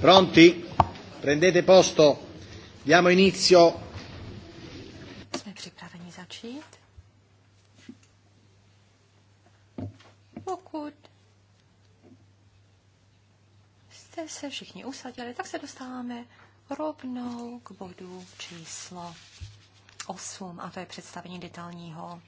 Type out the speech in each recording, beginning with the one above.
Pronti? Prendete posto. Diamo inizio. Jsme připraveni začít. Pokud jste se všichni usadili, tak se dostáváme rovnou k bodu číslo 8, a to je představení detailního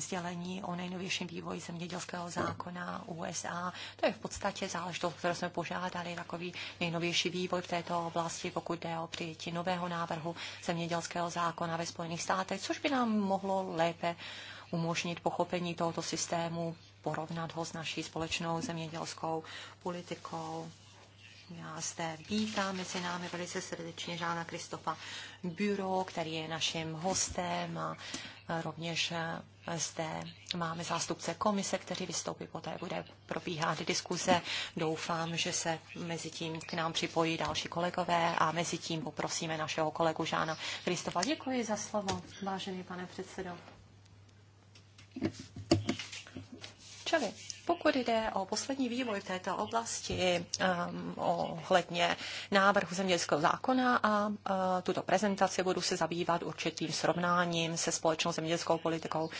sdělení o nejnovějším vývoji zemědělského zákona USA. To je v podstatě záležitost, kterou jsme požádali, takový nejnovější vývoj v této oblasti, pokud jde o přijetí nového návrhu zemědělského zákona ve Spojených státech, což by nám mohlo lépe umožnit pochopení tohoto systému, porovnat ho s naší společnou zemědělskou politikou já zde vítám mezi námi velice srdečně Žána Kristofa Büro, který je naším hostem a rovněž e, zde máme zástupce komise, kteří vystoupí, poté bude probíhat diskuze. Doufám, že se mezi tím k nám připojí další kolegové a mezi tím poprosíme našeho kolegu Žána Kristofa. Děkuji za slovo, vážený pane předsedo. Čili pokud jde o poslední vývoj v této oblasti um, ohledně návrhu zemědělského zákona a uh, tuto prezentaci budu se zabývat určitým srovnáním se společnou zemědělskou politikou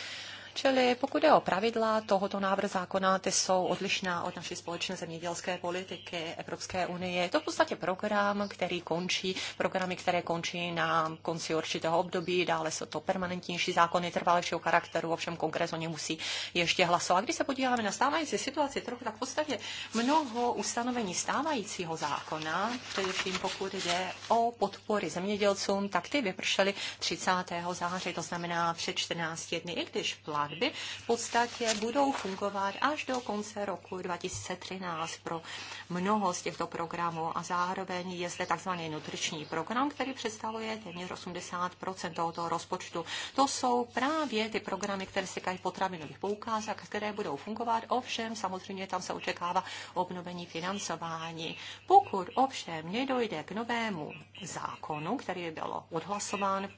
Čili pokud je o pravidla tohoto návrhu zákona, ty jsou odlišná od naší společné zemědělské politiky Evropské unie. Je to v podstatě program, který končí, programy, které končí na konci určitého období, dále jsou to permanentnější zákony trvalejšího charakteru, ovšem kongres o ně musí ještě hlasovat. Když se podíváme na stávající situaci trochu, tak v podstatě mnoho ustanovení stávajícího zákona, především pokud jde o podpory zemědělcům, tak ty vypršely 30. září, to znamená před 14 dny, i když plat stavby v podstatě budou fungovat až do konce roku 2013 pro mnoho z těchto programů a zároveň je zde tzv. nutriční program, který představuje téměř 80 tohoto rozpočtu. To jsou právě ty programy, které se týkají potravinových poukázek, které budou fungovat. Ovšem, samozřejmě tam se očekává obnovení financování. Pokud ovšem nedojde k novému zákonu, který by byl odhlasován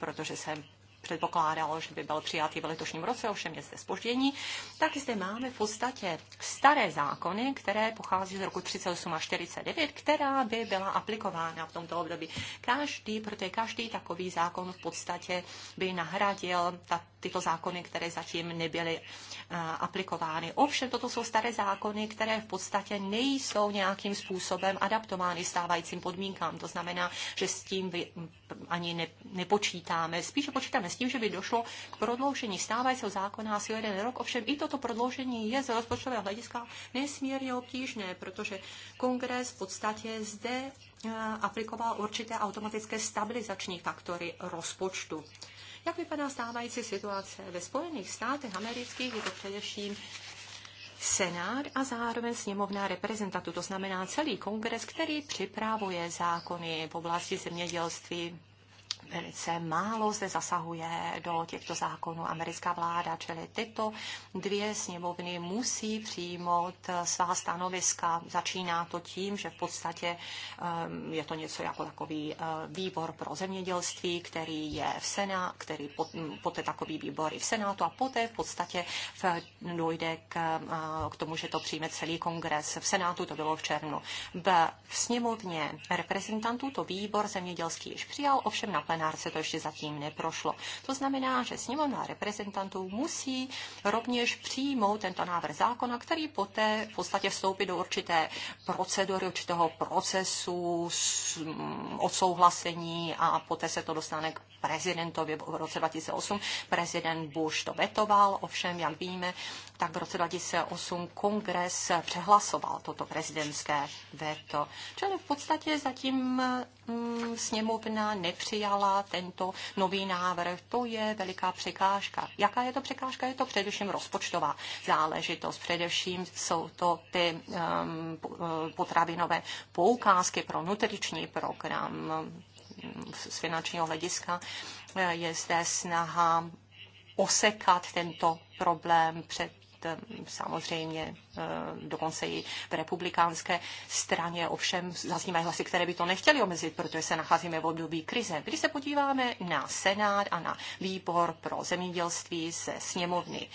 protože se předpokládalo, že by byl přijatý v letošním roce, ovšem je zde spoždění, tak zde máme v podstatě staré zákony, které pochází z roku 38 a 49, která by byla aplikována v tomto období. Každý, protože každý takový zákon v podstatě by nahradil ta, tyto zákony, které zatím nebyly uh, aplikovány. Ovšem, toto jsou staré zákony, které v podstatě nejsou nějakým způsobem adaptovány stávajícím podmínkám. To znamená, že s tím vy, ani ne, nepočítáme. Spíše počítáme s tím, že by došlo k prodloužení stávajícího zákona asi jeden rok. Ovšem i toto prodloužení je z rozpočtového hlediska nesmírně obtížné, protože kongres v podstatě zde eh, aplikoval určité automatické stabilizační faktory rozpočtu. Jak vypadá stávající situace? Ve Spojených státech amerických je to především Senát a zároveň sněmovná reprezentantů, to znamená celý kongres, který připravuje zákony v oblasti zemědělství, velice málo zde zasahuje do těchto zákonů americká vláda, čili tyto dvě sněmovny musí přijmout svá stanoviska. Začíná to tím, že v podstatě ehm, je to něco jako takový eh, výbor pro zemědělství, který je v Senátu, který hm, poté takový výbor i v Senátu a poté v podstatě dojde k, eh, k tomu, že to přijme celý kongres. V Senátu to bylo v červnu. V sněmovně reprezentantů to výbor zemědělský již přijal, ovšem na plenárce to ještě zatím neprošlo. To znamená, že sněmovna reprezentantů musí rovněž přijmout tento návrh zákona, který poté v podstatě vstoupí do určité procedury, určitého procesu mm, odsouhlasení a poté se to dostane k prezidentovi v roce 2008. Prezident Bush to vetoval, ovšem, jak víme, tak v roce 2008 kongres přehlasoval toto prezidentské veto. Čili v podstatě zatím mm, sněmovna nepřijala tento nový návrh. To je veliká překážka. Jaká je to překážka? Je to především rozpočtová záležitost. Především jsou to ty um, potravinové poukázky pro nutriční program z finančního hlediska eh, je zde snaha osekat tento problém před eh, samozřejmě eh, dokonce i v republikánské straně. Ovšem zaznívají hlasy, které by to nechtěli omezit, protože se nacházíme v období krize. Když se podíváme na Senát a na výbor pro zemědělství ze sněmovny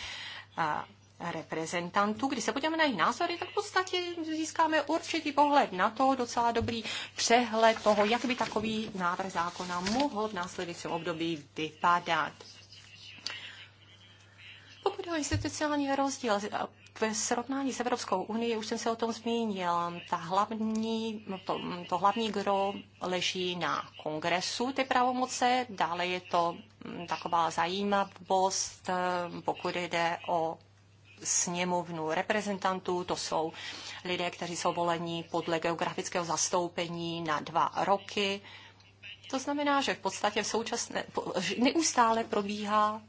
reprezentantů. Když se podíváme na jejich názory, tak v podstatě získáme určitý pohled na to, docela dobrý přehled toho, jak by takový návrh zákona mohl v následujícím období vypadat. Pokud je o institucionální rozdíl, ve srovnání s Evropskou unii, už jsem se o tom zmínil, ta hlavní, to, to hlavní gro leží na kongresu, ty pravomoce, dále je to taková zajímavost, eh, pokud jde o sněmovnu reprezentantů, to jsou lidé, kteří jsou voleni podle geografického zastoupení na dva roky. To znamená, že v podstatě v současné, neustále probíhá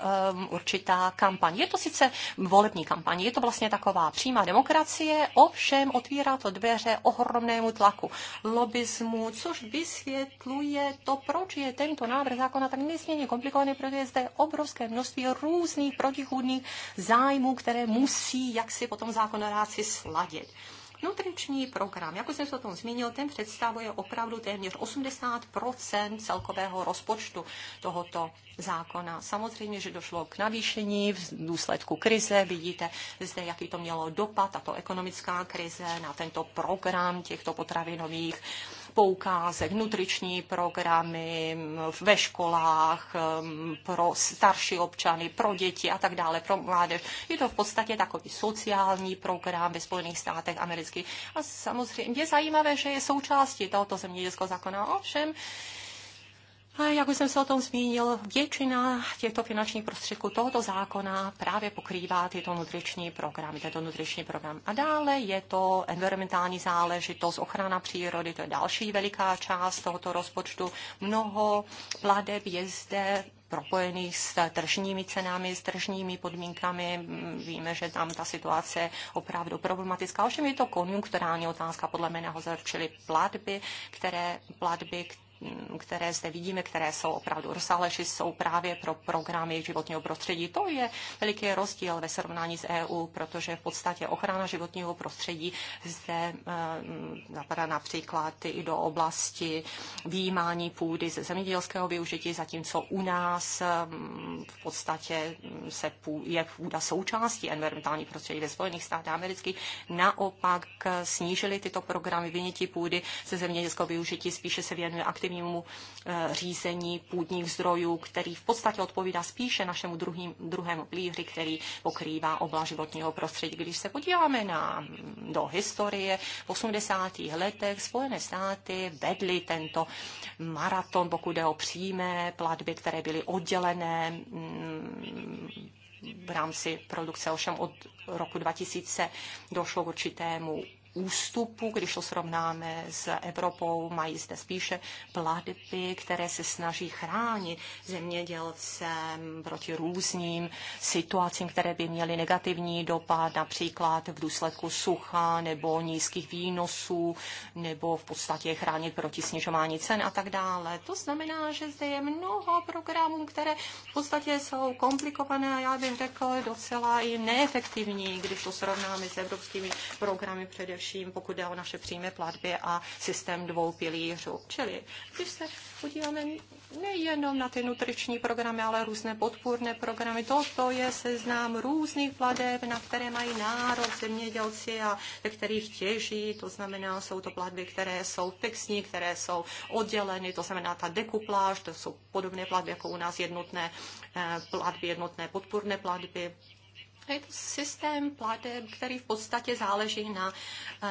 um, určitá kampaň. Je to sice volební kampaň, je to vlastně taková přímá demokracie, ovšem otvírá to dveře ohromnému tlaku, lobismu, což vysvětluje to, proč je tento návrh zákona tak nesmírně komplikovaný, protože je zde obrovské množství různých protichůdných zájmů, které musí jaksi potom zákonodáci sladit. Nutriční program, jak už jsem se o tom zmínil, ten představuje opravdu téměř 80 celkového rozpočtu tohoto zákona. Samozřejmě, že došlo k navýšení v důsledku krize. Vidíte zde, jaký to mělo dopad, tato ekonomická krize na tento program těchto potravinových poukázek, nutriční programy ve školách pro starší občany, pro děti a tak dále, pro mládež. Je to v podstatě takový sociální program ve Spojených státech amerických. A samozřejmě je zajímavé, že je součástí tohoto zemědělského zákona. Ovšem, a jak už jsem se o tom zmínil, většina těchto finančních prostředků tohoto zákona právě pokrývá tyto nutriční programy, tento nutriční program. A dále je to environmentální záležitost, ochrana přírody, to je další veliká část tohoto rozpočtu. Mnoho pladeb je zde propojených s tržními cenami, s tržními podmínkami. Víme, že tam ta situace je opravdu problematická. Ovšem je to konjunkturální otázka podle mě nahozor, čili platby, které, platby, které zde vidíme, které jsou opravdu rozsáhlejší, jsou právě pro programy životního prostředí. To je veliký rozdíl ve srovnání s EU, protože v podstatě ochrana životního prostředí zde zapadá eh, například i do oblasti výjímání půdy ze zemědělského využití, zatímco u nás eh, v podstatě se půd, je půda součástí environmentální prostředí ve Spojených státech amerických. Naopak eh, snížili tyto programy vynětí půdy ze zemědělského využití, spíše se věnuje aktivně efektivnímu eh, řízení půdních zdrojů, který v podstatě odpovídá spíše našemu druhým, druhému plíři, který pokrývá oblast životního prostředí. Když se podíváme na, do historie, v 80. letech Spojené státy vedly tento maraton, pokud jde o přímé platby, které byly oddělené mm, v rámci produkce. Ovšem od roku 2000 došlo k určitému ústupu, když to srovnáme s Evropou, mají zde spíše platby, které se snaží chránit zemědělcem proti různým situacím, které by měly negativní dopad, například v důsledku sucha nebo nízkých výnosů, nebo v podstatě chránit proti snižování cen a tak dále. To znamená, že zde je mnoho programů, které v podstatě jsou komplikované a já bych řekl docela i neefektivní, když to srovnáme s evropskými programy především především pokud jde o naše přímé platby a systém dvou pilířů. Čili když se podíváme nejenom na ty nutriční programy, ale různé podpůrné programy, toto je seznám různých plateb, na které mají nárok zemědělci a ve kterých těží, to znamená, jsou to platby, které jsou fixní, které jsou odděleny, to znamená ta dekupláž, to jsou podobné platby jako u nás jednotné eh, platby, jednotné podpůrné platby, je to systém plateb, který v podstatě záleží na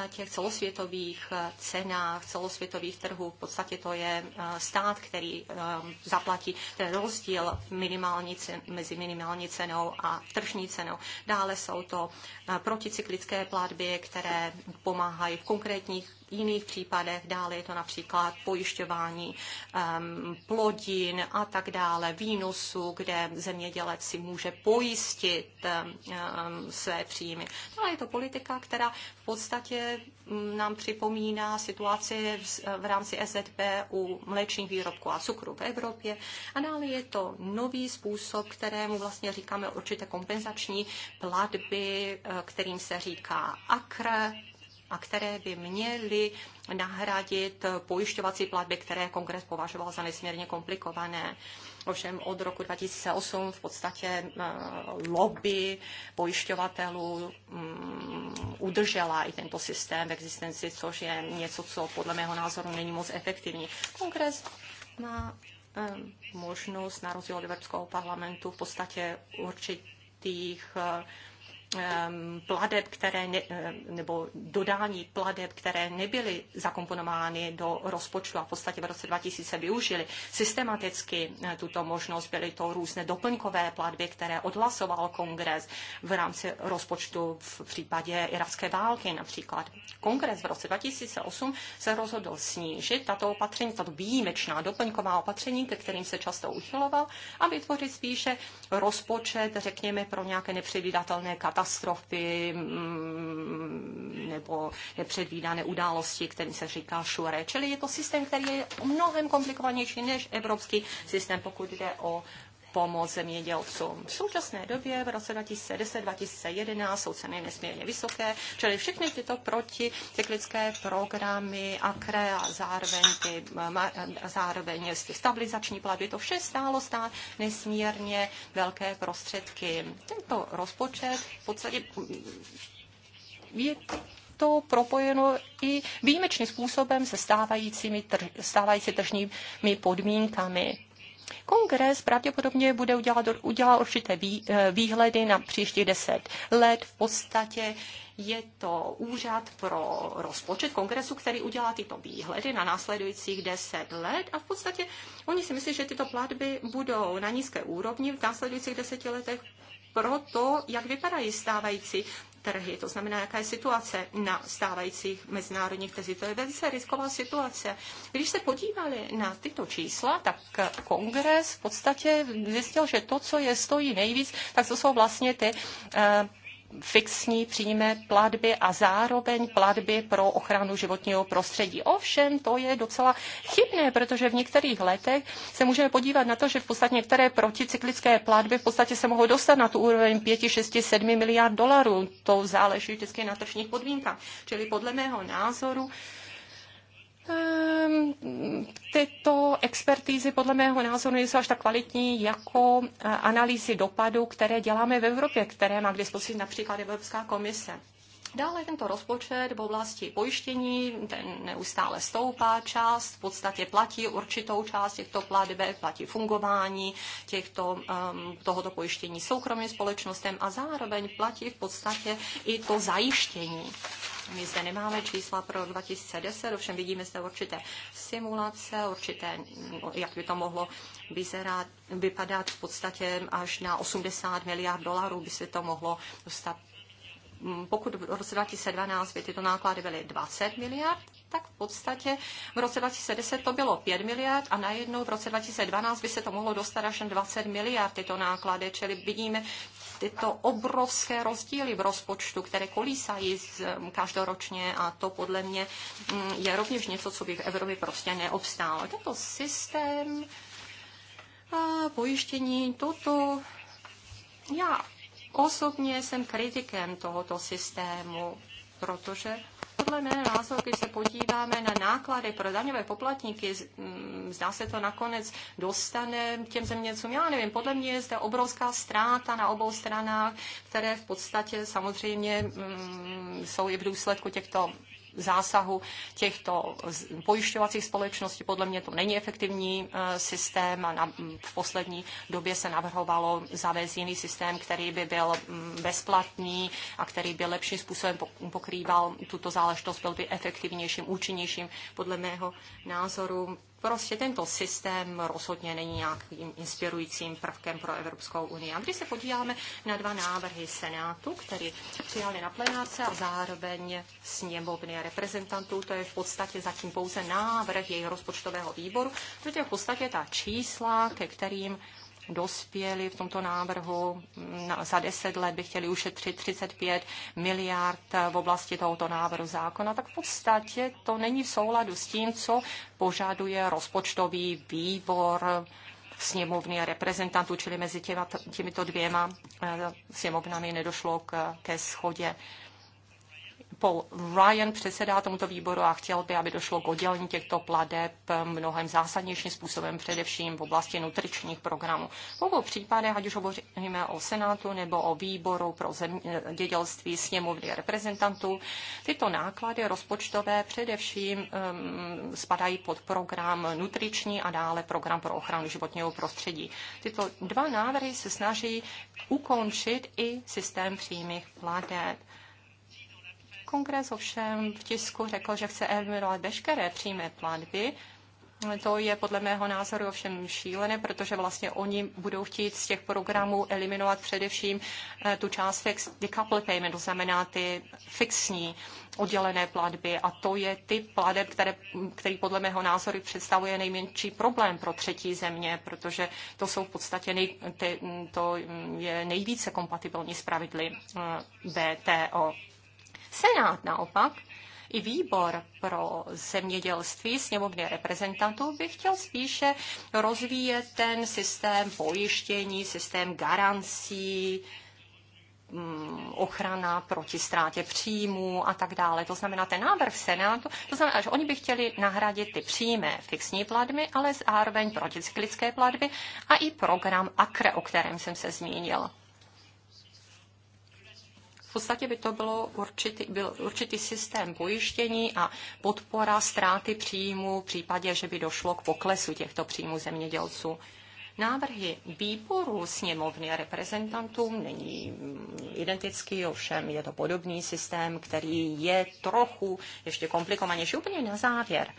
eh, těch celosvětových eh, cenách, celosvětových trhů. V podstatě to je eh, stát, který zaplatí ten rozdíl minimální cen, mezi minimální cenou a tržní cenou. Dále jsou to proticyklické platby, které pomáhají v konkrétních jiných případech. Dále je to například pojišťování um, plodin a tak dále, výnosu, kde zemědělec si může pojistit um, své příjmy. Dále je to politika, která v podstatě mm, nám připomíná situaci v rámci SZP u mléčných výrobků a cukru v Evropě. A dále je to nový způsob, kterému vlastně říkáme určité kompenzační platby, eh, kterým se říká AKR, a které by měly nahradit pojišťovací platby, které kongres považoval za nesmírně komplikované. Ovšem od roku 2008 v podstatě eh, lobby pojišťovatelů mm, udržela i tento systém v existenci, což je něco, co podle mého názoru není moc efektivní. Kongres má eh, možnost na rozdíl od Evropského parlamentu v podstatě určitých eh, Ehm, pladeb, které ne, ehm, nebo dodání pladeb, které nebyly zakomponovány do rozpočtu a v podstatě v roce 2000 využili systematicky eh, tuto možnost. Byly to různé doplňkové platby, které odhlasoval kongres v rámci rozpočtu v případě irácké války například. Kongres v roce 2008 se rozhodl snížit tato opatření, tato výjimečná doplňková opatření, ke kterým se často uchyloval, a vytvořit spíše rozpočet, řekněme, pro nějaké nepředvídatelné katastrofy katastrofy mm, nebo nepředvídané události, který se říká šure. Čili je to systém, který je mnohem komplikovanější než evropský systém, pokud jde o pomoc zemědělcům. V současné době v roce 2010-2011 jsou ceny nesmírně vysoké, čili všechny tyto proticyklické programy, AKRE a zároveň, ty, eh, a eh, zároveň stabilizační platby, to vše stálo stát nesmírně velké prostředky. Tento rozpočet v podstatě mm, je to propojeno i výjimečným způsobem se stávajícími stávající tržními podmínkami. Kongres pravděpodobně bude udělat, udělat určité eh, výhledy na příští deset let. V podstatě je to úřad pro rozpočet kongresu, který udělá tyto výhledy na následujících deset let a v podstatě oni si myslí, že tyto platby budou na nízké úrovni v následujících deseti letech proto, jak vypadají stávající trhy, to znamená, jaká je situace na stávajících mezinárodních trzích. To je velice risková situace. Když se podívali na tyto čísla, tak kongres v podstatě zjistil, že to, co je stojí nejvíc, tak to jsou vlastně ty uh, fixní přímé platby a zároveň platby pro ochranu životního prostředí. Ovšem, to je docela chybné, protože v některých letech se můžeme podívat na to, že v podstatě některé proticyklické platby v podstatě se mohou dostat na tu úroveň 5, 6, 7 miliard dolarů. To záleží vždycky na tržních podmínkách. Čili podle mého názoru, Ehm, tyto expertízy podle mého názoru nejsou až tak kvalitní jako e, analýzy dopadu, které děláme v Evropě, které má k dispozici například Evropská komise. Dále tento rozpočet v oblasti pojištění, ten neustále stoupá, část v podstatě platí určitou část těchto platbek, platí fungování těchto, um, tohoto pojištění soukromým společnostem a zároveň platí v podstatě i to zajištění my zde nemáme čísla pro 2010, ovšem vidíme zde určité simulace, určité, jak by to mohlo vyzerat, vypadat v podstatě až na 80 miliard dolarů by se to mohlo dostat pokud v roce 2012 by tyto náklady byly 20 miliard, tak v podstatě v roce 2010 to bylo 5 miliard a najednou v roce 2012 by se to mohlo dostat až na 20 miliard tyto náklady, čili vidíme tyto obrovské rozdíly v rozpočtu, které kolísají mm, každoročně a to podle mě mm, je rovněž něco, co by v Evropě prostě neobstálo. Tento systém pojištění, toto já osobně jsem kritikem tohoto systému, protože podle mé názoru, když se podíváme na náklady pro daňové poplatníky, mm, zdá se to nakonec dostane těm zeměcům. Já nevím, podle mě je zde obrovská ztráta na obou stranách, které v podstatě samozřejmě mm, jsou i v důsledku těchto zásahu těchto pojišťovacích společností. Podle mě to není efektivní e, systém a na, v poslední době se navrhovalo zavést jiný systém, který by byl bezplatný a který by lepším způsobem pokrýval tuto záležitost, byl by efektivnějším, účinnějším podle mého názoru prostě tento systém rozhodně není nějakým inspirujícím prvkem pro Evropskou unii. A když se podíváme na dva návrhy Senátu, který přijali na plenárce a zároveň sněmovny reprezentantů, to je v podstatě zatím pouze návrh jejich rozpočtového výboru, protože v podstatě ta čísla, ke kterým dospěli v tomto návrhu. Mm, za deset let by chtěli ušetřit 35 miliard v oblasti tohoto návrhu zákona, tak v podstatě to není v souladu s tím, co požaduje rozpočtový výbor sněmovny reprezentantů, čili mezi těma, těmito dvěma eh, sněmovnami nedošlo k, ke schodě. Paul Ryan předsedá tomuto výboru a chtěl by, aby došlo k oddělení těchto pladeb mnohem zásadnějším způsobem, především v oblasti nutričních programů. V obou případech, ať už hovoříme o Senátu nebo o výboru pro zemědělství sněmovny reprezentantů, tyto náklady rozpočtové především um, spadají pod program nutriční a dále program pro ochranu životního prostředí. Tyto dva návrhy se snaží ukončit i systém přímých pladeb. Kongres ovšem v tisku řekl, že chce eliminovat veškeré přímé platby. To je podle mého názoru ovšem šílené, protože vlastně oni budou chtít z těch programů eliminovat především eh, tu část fix decouple payment, to znamená ty fixní oddělené platby. A to je typ plateb, které, který podle mého názoru představuje nejmenší problém pro třetí země, protože to jsou v podstatě nej, ty, to je nejvíce kompatibilní s pravidly eh, BTO. Senát naopak i výbor pro zemědělství sněmovny reprezentantů by chtěl spíše rozvíjet ten systém pojištění, systém garancí, mm, ochrana proti ztrátě příjmů a tak dále. To znamená, ten návrh Senátu, to znamená, že oni by chtěli nahradit ty přímé fixní platby, ale zároveň proticyklické platby a i program AKRE, o kterém jsem se zmínil. V podstatě by to bylo určitý, byl určitý systém pojištění a podpora ztráty příjmu v případě, že by došlo k poklesu těchto příjmů zemědělců. Návrhy výboru sněmovny a reprezentantů není identický, ovšem je to podobný systém, který je trochu ještě komplikovanější. Úplně na závěr.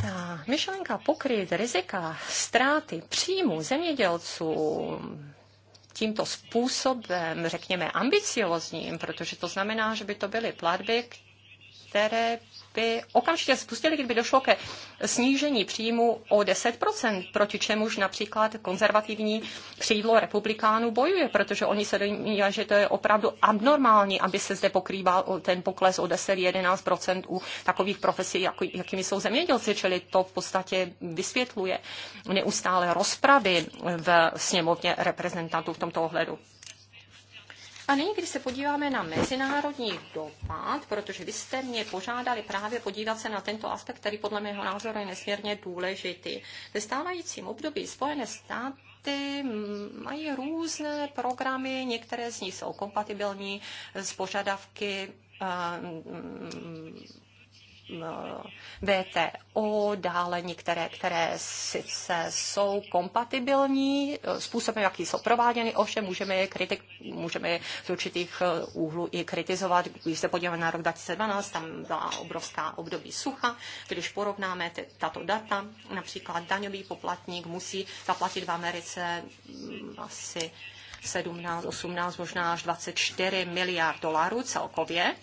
Ta myšlenka pokryt rizika ztráty příjmu zemědělců tímto způsobem, řekněme, ambiciozním, protože to znamená, že by to byly platby, které by okamžitě spustili, kdyby došlo ke snížení příjmu o 10%, proti čemuž například konzervativní křídlo republikánů bojuje, protože oni se domnívají, že to je opravdu abnormální, aby se zde pokrýval ten pokles o 10-11% u takových profesí, jako, jakými jsou zemědělci, čili to v podstatě vysvětluje neustále rozpravy v sněmovně reprezentantů v tomto ohledu. A nyní, když se podíváme na mezinárodní dopad, protože vy jste mě požádali právě podívat se na tento aspekt, který podle mého názoru je nesmírně důležitý. Ve stávajícím období Spojené státy státy mají různé programy, některé z nich jsou kompatibilní s požadavky eh, Eh, VTO, dále některé, které sice jsou kompatibilní eh, způsobem, jaký jsou prováděny, ovšem můžeme je, kritik, můžeme je z určitých eh, úhlů i kritizovat. Když se podíváme na rok 2012, tam byla obrovská období sucha. Když porovnáme t- tato data, například daňový poplatník musí zaplatit v Americe mm, asi 17, 18, možná až 24 miliard dolarů celkově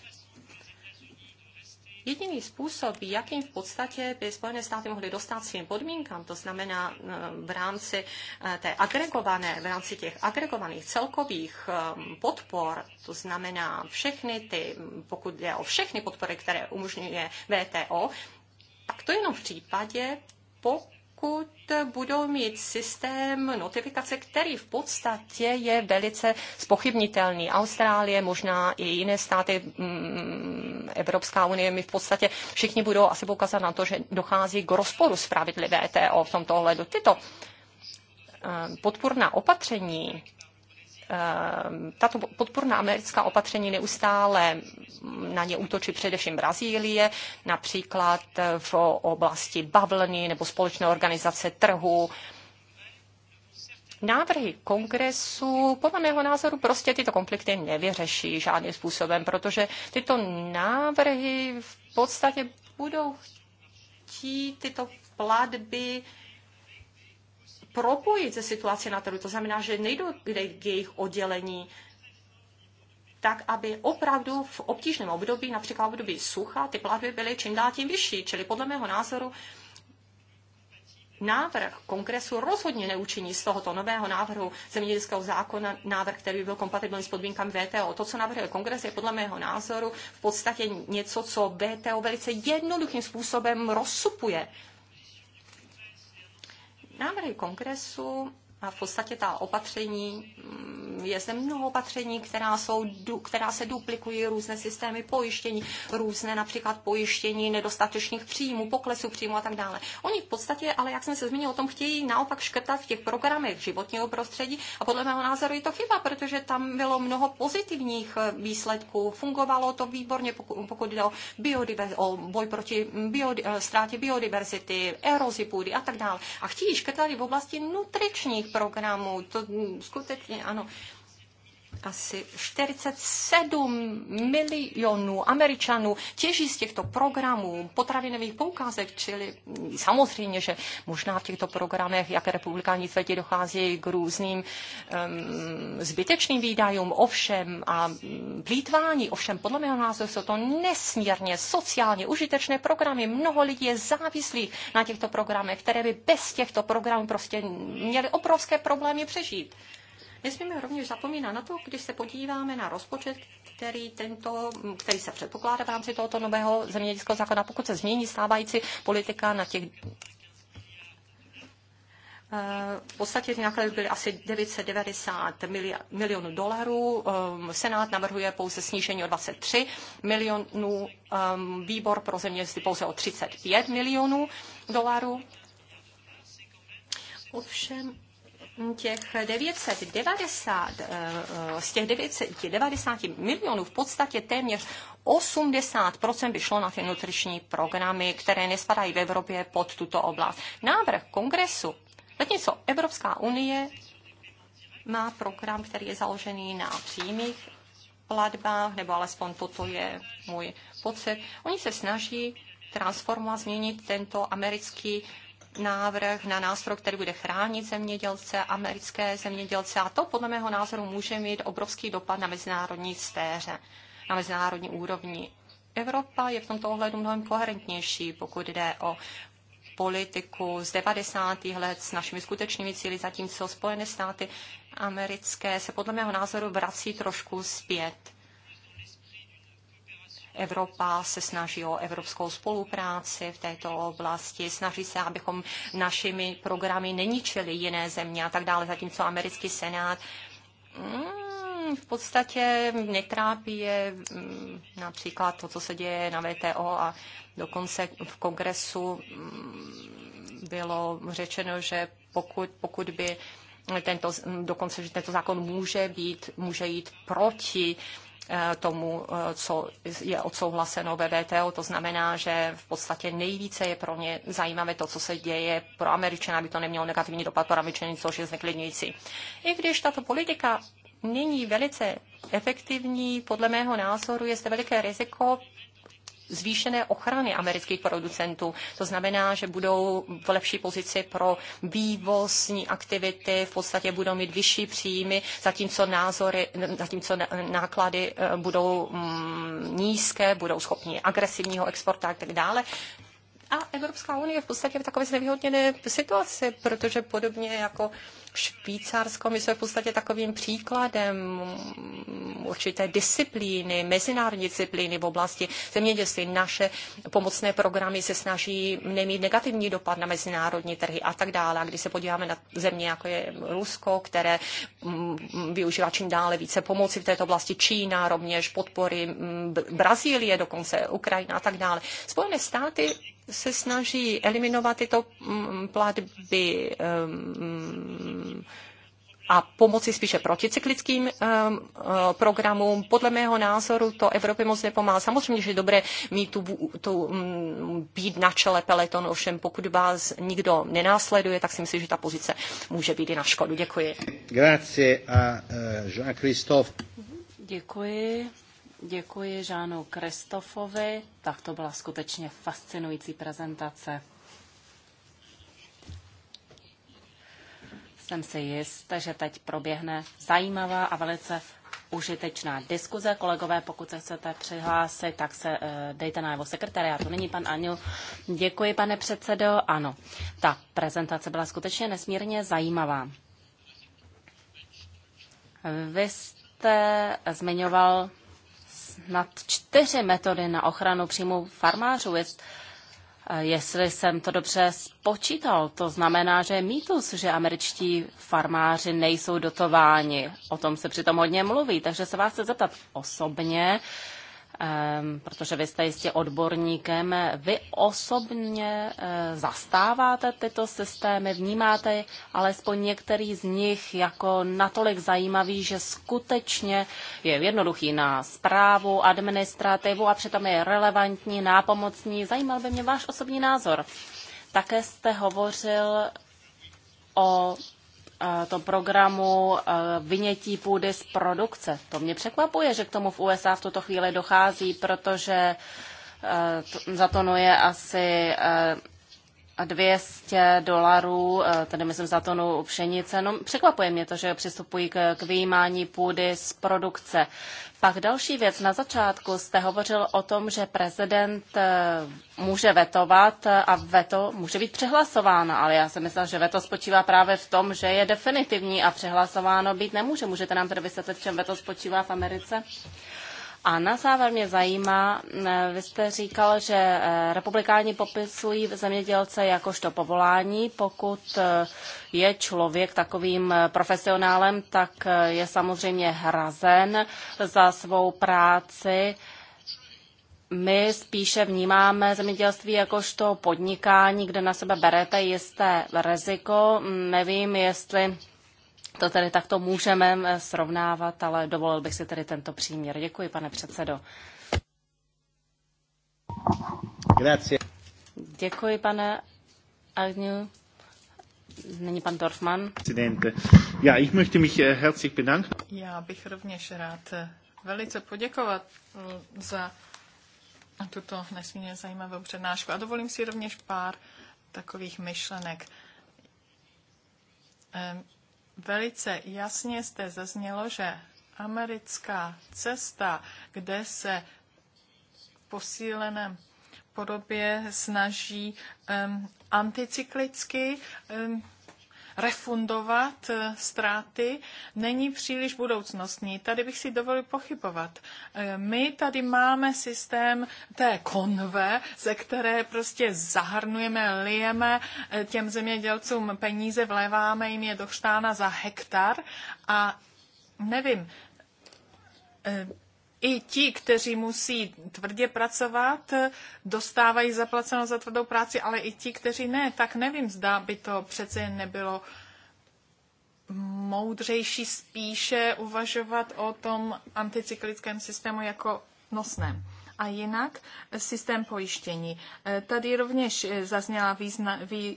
Jediný způsob, jakým v podstatě by Spojené státy mohly dostat svým podmínkám, to znamená eh, v rámci eh, té agregované, v rámci těch agregovaných celkových eh, podpor, to znamená všechny ty, pokud je o všechny podpory, které umožňuje VTO, tak to jenom v případě, po pokud budou mít systém notifikace, který v podstatě je velice spochybnitelný. Austrálie, možná i jiné státy, mm, Evropská unie, my v podstatě všichni budou asi poukazat na to, že dochází k rozporu s pravidly VTO v tomto ohledu. Tyto eh, podporná opatření Eh, tato podporná americká opatření neustále na ně útočí především Brazílie, například eh, v oblasti bavlny nebo společné organizace trhu. Návrhy kongresu podle mého názoru prostě tyto konflikty nevyřeší žádným způsobem, protože tyto návrhy v podstatě budou chtít tyto platby propojit ze situace na trhu. To znamená, že nejdou k jejich oddělení, tak aby opravdu v obtížném období, například v období sucha, ty platby byly čím dál tím vyšší. Čili podle mého názoru návrh kongresu rozhodně neučiní z tohoto nového návrhu zemědělského zákona návrh, který by byl kompatibilní s podmínkami VTO. To, co navrhuje kongres, je podle mého názoru v podstatě něco, co VTO velice jednoduchým způsobem rozsupuje. Návrhy kongresu a v podstatě ta opatření, mm, je zde mnoho opatření, která, jsou, která se duplikují, různé systémy pojištění, různé například pojištění nedostatečných příjmů, poklesu příjmu a tak dále. Oni v podstatě, ale jak jsem se zmínil o tom, chtějí naopak škrtat v těch programech životního prostředí a podle mého názoru je to chyba, protože tam bylo mnoho pozitivních eh, výsledků. Fungovalo to výborně, pokud, jde o, biodiverz, o boj proti biodi, eh, ztrátě biodiverzity, erozi půdy a tak dále. A chtějí škrtat i v oblasti nutričních programů. To skutečně ano, asi 47 milionů Američanů těží z těchto programů potravinových poukázek, čili mm, samozřejmě, že možná v těchto programech, jak republikáni tvrdí, dochází k různým um, zbytečným výdajům, ovšem a mm, plítvání, ovšem podle mého názoru jsou to nesmírně sociálně užitečné programy. Mnoho lidí je závislých na těchto programech, které by bez těchto programů prostě měly obrovské problémy přežít. Nesmíme rovněž zapomínat na to, když se podíváme na rozpočet, který, tento, který se předpokládá v rámci tohoto nového zemědělského zákona, pokud se změní stávající politika na těch eh, v podstatě ty náklady byly asi 990 milionů dolarů. Eh, Senát navrhuje pouze snížení o 23 milionů, eh, výbor pro zemědělství pouze o 35 milionů dolarů. Ovšem, těch 990, eh, eh, z těch 990 milionů v podstatě téměř 80% by šlo na ty nutriční programy, které nespadají v Evropě pod tuto oblast. Návrh kongresu, zatímco Evropská unie má program, který je založený na přímých platbách, nebo alespoň toto je můj pocit. Oni se snaží transformovat, změnit tento americký návrh na nástroj, který bude chránit zemědělce, americké zemědělce a to podle mého názoru může mít obrovský dopad na mezinárodní sféře, na mezinárodní úrovni. Evropa je v tomto ohledu mnohem koherentnější, pokud jde o politiku z 90. let s našimi skutečnými cíly, zatímco Spojené státy americké se podle mého názoru vrací trošku zpět. Evropa se snaží o evropskou spolupráci v této oblasti, snaží se, abychom našimi programy neničili jiné země a tak dále, zatímco americký senát mm, v podstatě netrápí je mm, například to, co se děje na VTO a dokonce v kongresu mm, bylo řečeno, že pokud, pokud by tento, dokonce, že tento zákon může být, může jít proti uh, Eh, tomu, eh, co je odsouhlaseno ve VTO. To znamená, že v podstatě nejvíce je pro ně zajímavé to, co se děje pro Američana, aby to nemělo negativní dopad pro Američany, což je zneklidňující. I když tato politika není velice efektivní, podle mého názoru je zde veliké riziko zvýšené ochrany amerických producentů. To znamená, že budou v lepší pozici pro vývozní aktivity, v podstatě budou mít vyšší příjmy, zatímco, názory, zatímco náklady eh, budou mm, nízké, budou schopni agresivního exporta a tak dále. A Evropská unie je v podstatě v takové znevýhodněné situaci, protože podobně jako Švýcarsko, my jsme v podstatě takovým příkladem určité disciplíny, mezinárodní disciplíny v oblasti zemědělství. Naše pomocné programy se snaží nemít negativní dopad na mezinárodní trhy a tak dále. A když se podíváme na země, jako je Rusko, které mm, využívá čím dále více pomoci v této oblasti, Čína rovněž podpory, mm, Brazílie dokonce, Ukrajina a tak dále. Spojené státy se snaží eliminovat tyto mm, platby, a pomoci spíše proticyklickým um, programům. Podle mého názoru to Evropě moc nepomáhá. Samozřejmě, že je dobré mít tu, tu um, být na čele peletonu, ovšem pokud vás nikdo nenásleduje, tak si myslím, že ta pozice může být i na škodu. Děkuji. Grazie a eh, Jean-Christophe. Děkuji. Děkuji Žánu Kristofovi. Tak to byla skutečně fascinující prezentace. Jsem si jist, že teď proběhne zajímavá a velice užitečná diskuze. Kolegové, pokud se chcete přihlásit, tak se eh, dejte na jeho sekretariátu. Není pan Anil. Děkuji, pane předsedo. Ano, ta prezentace byla skutečně nesmírně zajímavá. Vy jste zmiňoval nad čtyři metody na ochranu příjmu farmářů. Jest, Eh, jestli jsem to dobře spočítal, to znamená, že je mýtus, že američtí farmáři nejsou dotováni. O tom se přitom hodně mluví, takže se vás chci zeptat osobně, Ehm, protože vy jste jistě odborníkem. Vy osobně eh, zastáváte tyto systémy, vnímáte alespoň některý z nich jako natolik zajímavý, že skutečně je jednoduchý na zprávu, administrativu a přitom je relevantní, nápomocný. Zajímal by mě váš osobní názor. Také jste hovořil o Eh, tom programu eh, vynětí půdy z produkce. To mě překvapuje, že k tomu v USA v tuto chvíli dochází, protože eh, zatonuje asi 200 dolarů, eh, tedy myslím za tonu pšenice. No, překvapuje mě to, že přistupují k, k výjímání půdy z produkce. Pak další věc. Na začátku jste hovořil o tom, že prezident eh, může vetovat eh, a veto může být přehlasováno, ale já jsem myslel, že veto spočívá právě v tom, že je definitivní a přehlasováno být nemůže. Můžete nám tedy vysvětlit, v čem veto spočívá v Americe? A na závěr mě zajímá, eh, vy jste říkal, že eh, republikáni popisují zemědělce jakožto povolání. Pokud eh, je člověk takovým profesionálem, tak je samozřejmě hrazen za svou práci. My spíše vnímáme zemědělství jakožto podnikání, kde na sebe berete jisté riziko. Nevím, jestli to tedy takto můžeme eh, srovnávat, ale dovolil bych si tedy tento příměr. Děkuji, pane předsedo. Grazie. Děkuji, pane Agnew. Není pan Dorfman. Já, ich möchte mich eh, herzlich bedanken. Já bych rovněž rád eh, velice poděkovat mm, za tuto nesmírně zajímavou přednášku a dovolím si rovněž pár takových myšlenek. Ehm, velice jasně jste zaznělo, že americká cesta, kde se v posíleném podobě snaží um, anticyklicky um, refundovat eh, ztráty, není příliš budoucnostní. Tady bych si dovolil pochybovat. Eh, my tady máme systém té konve, ze které prostě zahrnujeme, lijeme eh, těm zemědělcům peníze, vléváme jim je do štána za hektar a nevím, i ti, kteří musí tvrdě pracovat, dostávají zaplaceno za tvrdou práci, ale i ti, kteří ne, tak nevím, zda by to přece nebylo moudřejší spíše uvažovat o tom anticyklickém systému jako nosném. A jinak eh, systém pojištění. Eh, tady rovněž eh, zazněla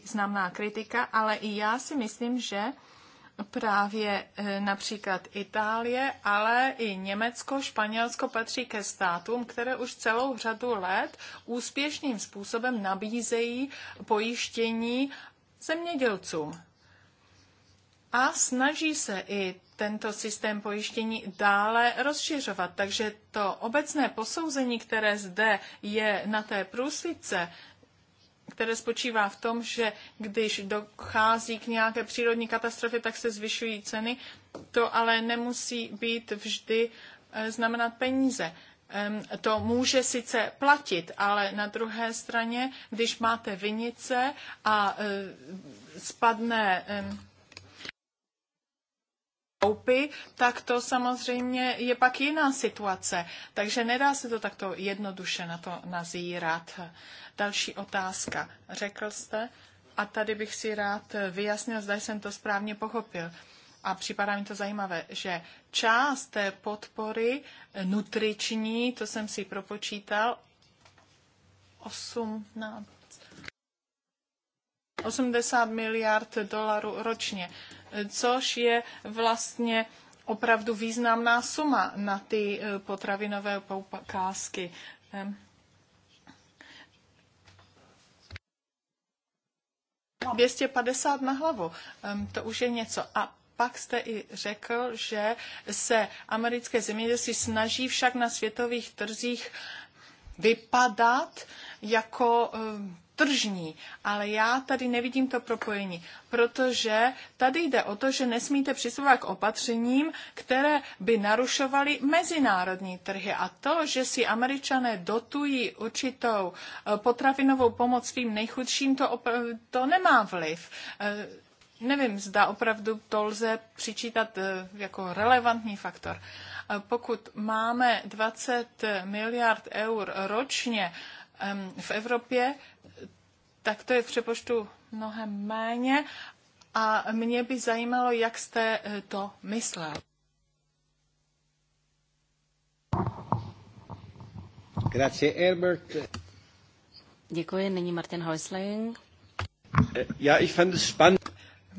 významná kritika, ale i já si myslím, že právě eh, například Itálie, ale i Německo, Španělsko patří ke státům, které už celou řadu let úspěšným způsobem nabízejí pojištění zemědělcům. A snaží se i tento systém pojištění dále rozšiřovat. Takže to obecné posouzení, které zde je na té průsvice, které spočívá v tom, že když dochází k nějaké přírodní katastrofě, tak se zvyšují ceny. To ale nemusí být vždy eh, znamenat peníze. To může sice platit, ale na druhé straně, když máte vinice a eh, spadne Koupy, tak to samozřejmě je pak jiná situace. Takže nedá se to takto jednoduše na to nazírat. Další otázka. Řekl jste, a tady bych si rád vyjasnil, zda jsem to správně pochopil. A připadá mi to zajímavé, že část té podpory nutriční, to jsem si propočítal, 18, 80 miliard dolarů ročně což je vlastně opravdu významná suma na ty eh, potravinové poukázky. ...250 na hlavu, to už je něco. A pak jste i řekl, že se americké zemědělci snaží však na světových trzích vypadat jako tržní, ale já tady nevidím to propojení, protože tady jde o to, že nesmíte přistupovat k opatřením, které by narušovaly mezinárodní trhy. A to, že si američané dotují určitou eh, potravinovou pomoc svým nejchudším, to, eh, to nemá vliv. Eh, nevím, zda opravdu to lze přičítat jako relevantní faktor. Pokud máme 20 miliard eur ročně, v Evropě, tak to je v přepoštu mnohem méně. A mě by zajímalo, jak jste eh, to myslel. Grazie, Herbert. Děkuji, nyní Martin Häusling. Eh, ja, ich fand es spannend.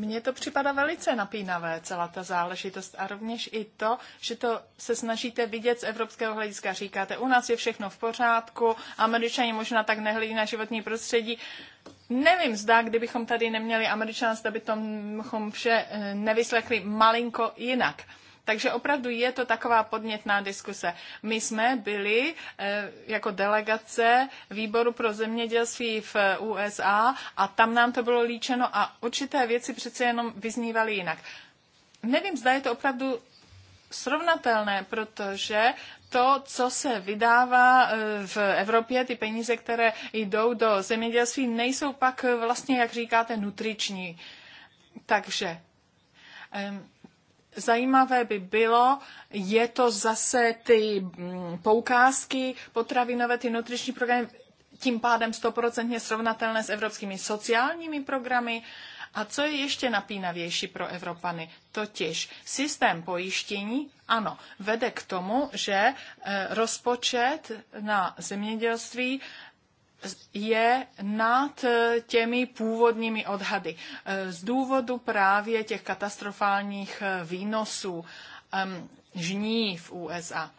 Mně to připadá velice napínavé, celá ta záležitost a rovněž i to, že to se snažíte vidět z evropského hlediska. Říkáte, u nás je všechno v pořádku, američani možná tak nehlídí na životní prostředí. Nevím, zda, kdybychom tady neměli američana, zda by vše eh, nevyslechli malinko jinak. Takže opravdu je to taková podnětná diskuse. My jsme byli eh, jako delegace výboru pro zemědělství v USA a tam nám to bylo líčeno a určité věci přece jenom vyznívaly jinak. Nevím, zda je to opravdu srovnatelné, protože to, co se vydává eh, v Evropě, ty peníze, které jdou do zemědělství, nejsou pak vlastně, jak říkáte, nutriční. Takže Zajímavé by bylo, je to zase ty mm, poukázky, potravinové, ty nutriční programy, tím pádem stoprocentně srovnatelné s evropskými sociálními programy. A co je ještě napínavější pro Evropany? Totiž systém pojištění, ano, vede k tomu, že eh, rozpočet na zemědělství je nad eh, těmi původními odhady. Eh, z důvodu právě těch katastrofálních eh, výnosů žní v USA.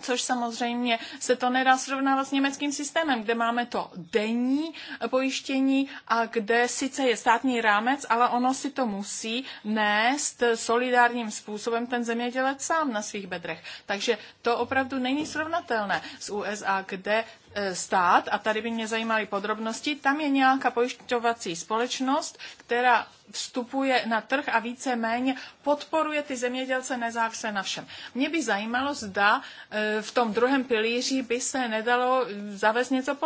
Což samozřejmě se to nedá srovnávat s německým systémem, kde máme to denní pojištění a kde sice je státní rámec, ale ono si to musí nést solidárním způsobem ten zemědělec sám na svých bedrech. Takže to opravdu není srovnatelné s USA, kde E, stát, a tady by mě zajímaly podrobnosti, tam je nějaká pojišťovací společnost, která vstupuje na trh a více-méně podporuje ty zemědělce nezávisle na všem. Mě by zajímalo, zda e, v tom druhém pilíři by se nedalo zavést něco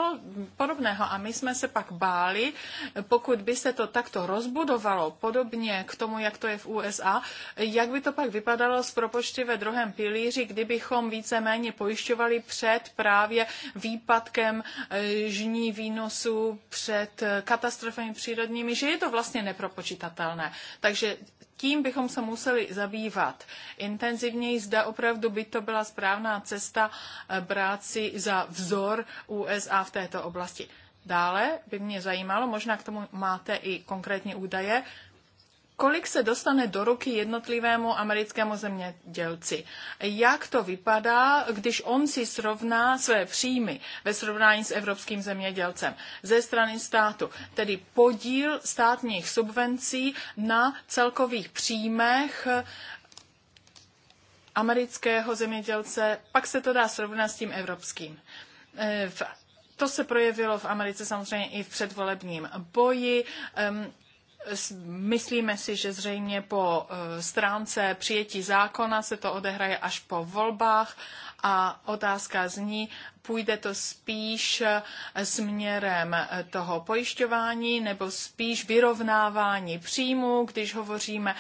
podobného. A my jsme se pak báli, pokud by se to takto rozbudovalo, podobně k tomu, jak to je v USA, jak by to pak vypadalo z propočty ve druhém pilíři, kdybychom více-méně pojišťovali před právě výpad výpadkem eh, žní výnosu před eh, katastrofami přírodními, že je to vlastně nepropočitatelné. Takže tím bychom se museli zabývat intenzivněji, zda opravdu by to byla správná cesta eh, brát si za vzor USA v této oblasti. Dále by mě zajímalo, možná k tomu máte i konkrétní údaje, kolik se dostane do ruky jednotlivému americkému zemědělci. Jak to vypadá, když on si srovná své příjmy ve srovnání s evropským zemědělcem ze strany státu, tedy podíl státních subvencí na celkových příjmech eh, amerického zemědělce, pak se to dá srovnat s tím evropským. Eh, to se projevilo v Americe samozřejmě i v předvolebním boji. Ehm, Myslíme si, že zřejmě po e, stránce přijetí zákona se to odehraje až po volbách a otázka zní, půjde to spíš e, směrem e, toho pojišťování nebo spíš vyrovnávání příjmů, když hovoříme,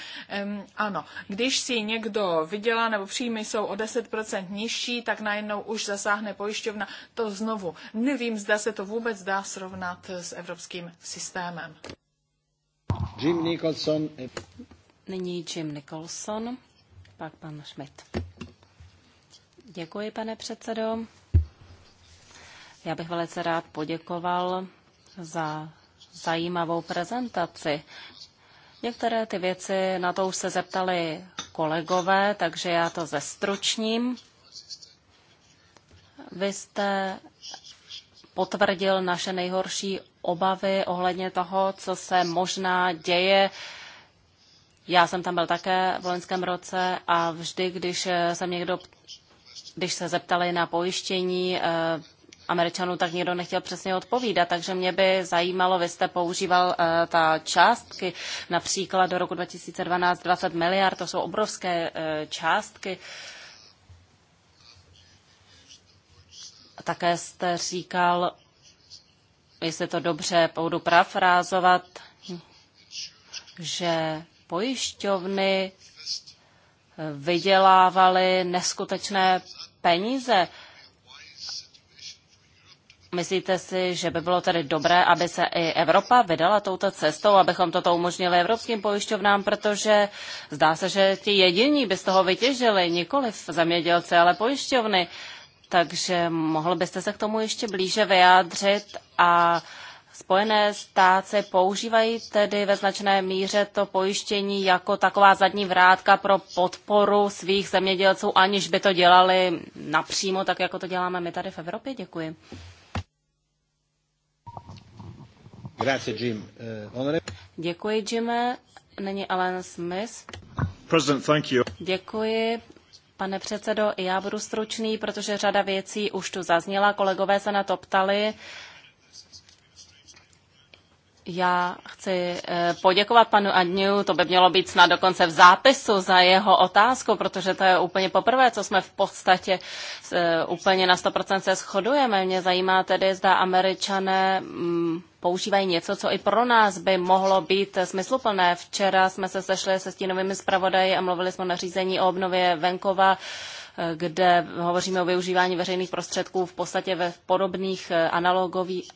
um, ano, když si někdo vydělá nebo příjmy jsou o 10% nižší, tak najednou už zasáhne pojišťovna. To znovu nevím, zda se to vůbec dá srovnat s evropským systémem. Jim Nicholson. Nyní Jim Nicholson, pak pan Schmidt. Děkuji, pane předsedo. Já bych velice rád poděkoval za zajímavou prezentaci. Některé ty věci, na to už se zeptali kolegové, takže já to zestručním. Vy jste potvrdil naše nejhorší obavy ohledně toho, co se možná děje. Já jsem tam byl také v loňském roce a vždy, když jsem někdo, když se zeptali na pojištění, eh, Američanů, tak někdo nechtěl přesně odpovídat, takže mě by zajímalo, vy jste používal uh, ta částky, například do roku 2012 20 miliard, to jsou obrovské uh, částky. Uh, Také jste říkal, jestli to dobře budu parafrázovat, že pojišťovny vydělávaly neskutečné peníze. Myslíte si, že by bylo tedy dobré, aby se i Evropa vydala touto cestou, abychom toto umožnili evropským pojišťovnám, protože zdá se, že ti jediní by z toho vytěžili, v zemědělci, ale pojišťovny takže mohl byste se k tomu ještě blíže vyjádřit a Spojené státy používají tedy ve značné míře to pojištění jako taková zadní vrátka pro podporu svých zemědělců, aniž by to dělali napřímo, tak jako to děláme my tady v Evropě? Děkuji. Grazie, Jim. Eh, Děkuji, Jime. Není Alan Smith. President, thank you. Děkuji, Pane předsedo, já budu stručný, protože řada věcí už tu zazněla, kolegové se na to ptali. Já chci eh, poděkovat panu Adňu, to by mělo být snad dokonce v zápisu za jeho otázku, protože to je úplně poprvé, co jsme v podstatě eh, úplně na 100% se shodujeme. Mě zajímá tedy, zda američané mm, používají něco, co i pro nás by mohlo být eh, smysluplné. Včera jsme se sešli se stínovými zpravodaji a mluvili jsme o nařízení o obnově venkova kde hovoříme o využívání veřejných prostředků v podstatě ve podobných analogových,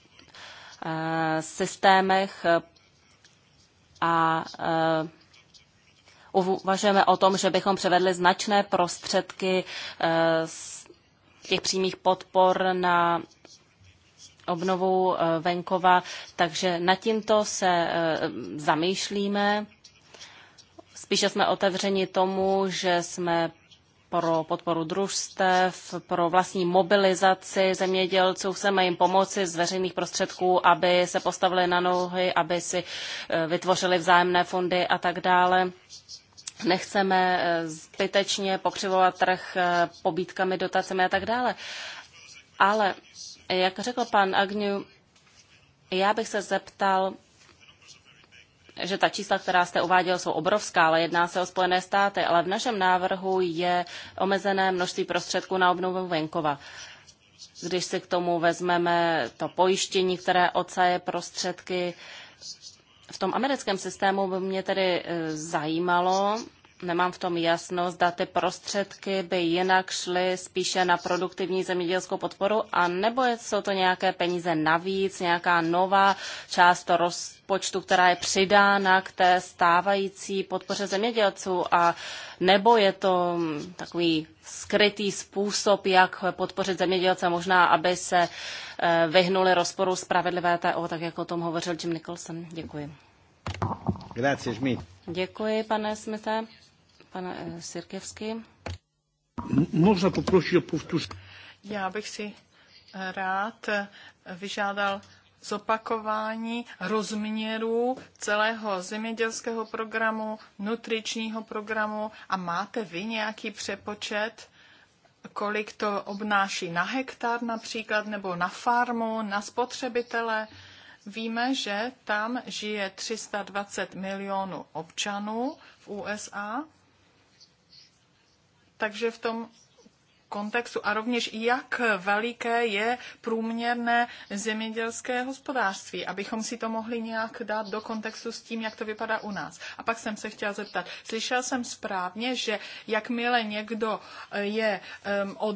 Eh, systémech eh, a eh, uvažujeme o tom, že bychom převedli značné prostředky z těch přímých podpor na obnovu venkova, takže nad tímto se zamýšlíme. Spíše jsme otevřeni tomu, že jsme pro podporu družstev, pro vlastní mobilizaci zemědělců. Chceme jim pomoci z veřejných prostředků, aby se postavili na nohy, aby si eh, vytvořili vzájemné fondy a tak dále. Nechceme eh, zbytečně pokřivovat trh eh, pobítkami, dotacemi a tak dále. Ale, jak řekl pan Agnew, já bych se zeptal, že ta čísla, která jste uváděl, jsou obrovská, ale jedná se o Spojené státy, ale v našem návrhu je omezené množství prostředků na obnovu venkova. Když si k tomu vezmeme to pojištění, které ocaje prostředky, v tom americkém systému by mě tedy e, zajímalo, nemám v tom jasno, zda ty prostředky by jinak šly spíše na produktivní zemědělskou podporu, a nebo jsou to nějaké peníze navíc, nějaká nová část rozpočtu, která je přidána k té stávající podpoře zemědělců, a nebo je to takový skrytý způsob, jak podpořit zemědělce, možná, aby se eh, vyhnuli rozporu spravedlivé TO, tak jak o tom hovořil Jim Nicholson. Děkuji. Grazie, Schmidt. Děkuji, pane Smithe pan eh, Sirkevský. Možná poprosit o Já bych si eh, rád eh, vyžádal zopakování rozměrů celého zemědělského programu, nutričního programu a máte vy nějaký přepočet, kolik to obnáší na hektar například, nebo na farmu, na spotřebitele. Víme, že tam žije 320 milionů občanů v USA takže v tom kontextu a rovněž jak veliké je průměrné zemědělské hospodářství, abychom si to mohli nějak dát do kontextu s tím, jak to vypadá u nás. A pak jsem se chtěla zeptat, slyšel jsem správně, že jakmile někdo eh, je,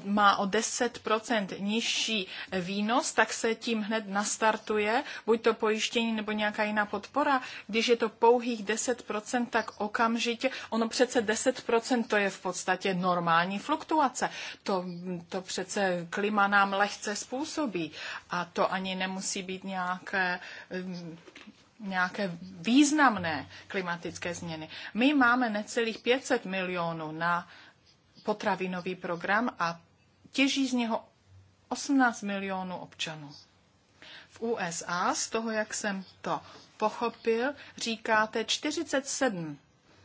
má o 10% nižší výnos, tak se tím hned nastartuje, buď to pojištění nebo nějaká jiná podpora. Když je to pouhých 10%, tak okamžitě, ono přece 10% to je v podstatě normální fluktuace to, to přece klima nám lehce způsobí a to ani nemusí být nějaké mm, nějaké významné klimatické změny. My máme necelých 500 milionů na potravinový program a těží z něho 18 milionů občanů. V USA, z toho, jak jsem to pochopil, říkáte 47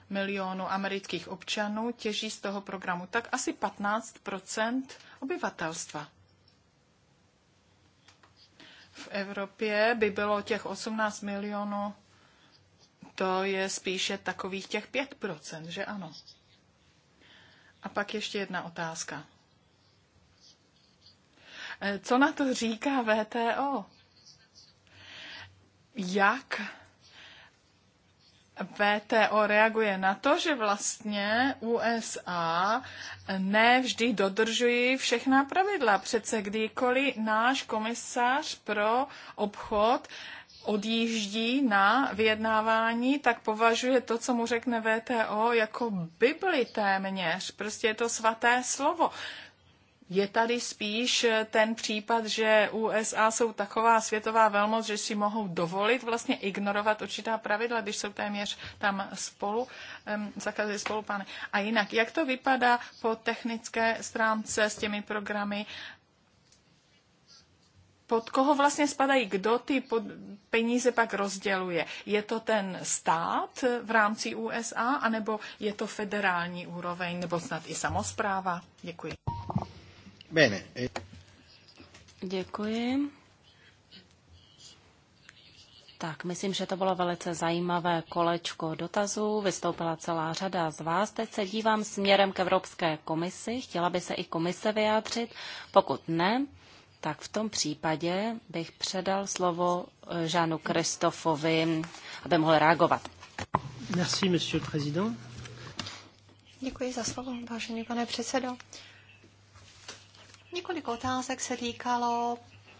milionů amerických občanů těží z toho programu, tak asi 15 obyvatelstva. V Evropě by bylo těch 18 milionů, to je spíše takových těch 5 že ano? A pak ještě jedna otázka. E, co na to říká VTO? Jak VTO reaguje na to, že vlastně USA vždy dodržují všechna pravidla. Přece kdykoliv náš komisař pro obchod odjíždí na vyjednávání, tak považuje to, co mu řekne VTO, jako Bibli téměř. Prostě je to svaté slovo. Je tady spíš eh, ten případ, že USA jsou taková světová velmoc, že si mohou dovolit vlastně ignorovat určitá pravidla, když jsou téměř tam spolu, um, zakazují spolupány. A jinak, jak to vypadá po technické stránce s těmi programy? pod koho vlastně spadají, kdo ty pod peníze pak rozděluje. Je to ten stát v rámci USA, anebo je to federální úroveň, nebo snad i samozpráva? Děkuji. Bene. Děkuji. Tak, myslím, že to bylo velice zajímavé kolečko dotazů. Vystoupila celá řada z vás. Teď se dívám směrem k Evropské komisi. Chtěla by se i komise vyjádřit. Pokud ne, tak v tom případě bych předal slovo eh, Žánu Kristofovi, aby mohl reagovat. Merci, monsieur président. Děkuji za slovo, vážený pane předsedo. Několik otázek se týkalo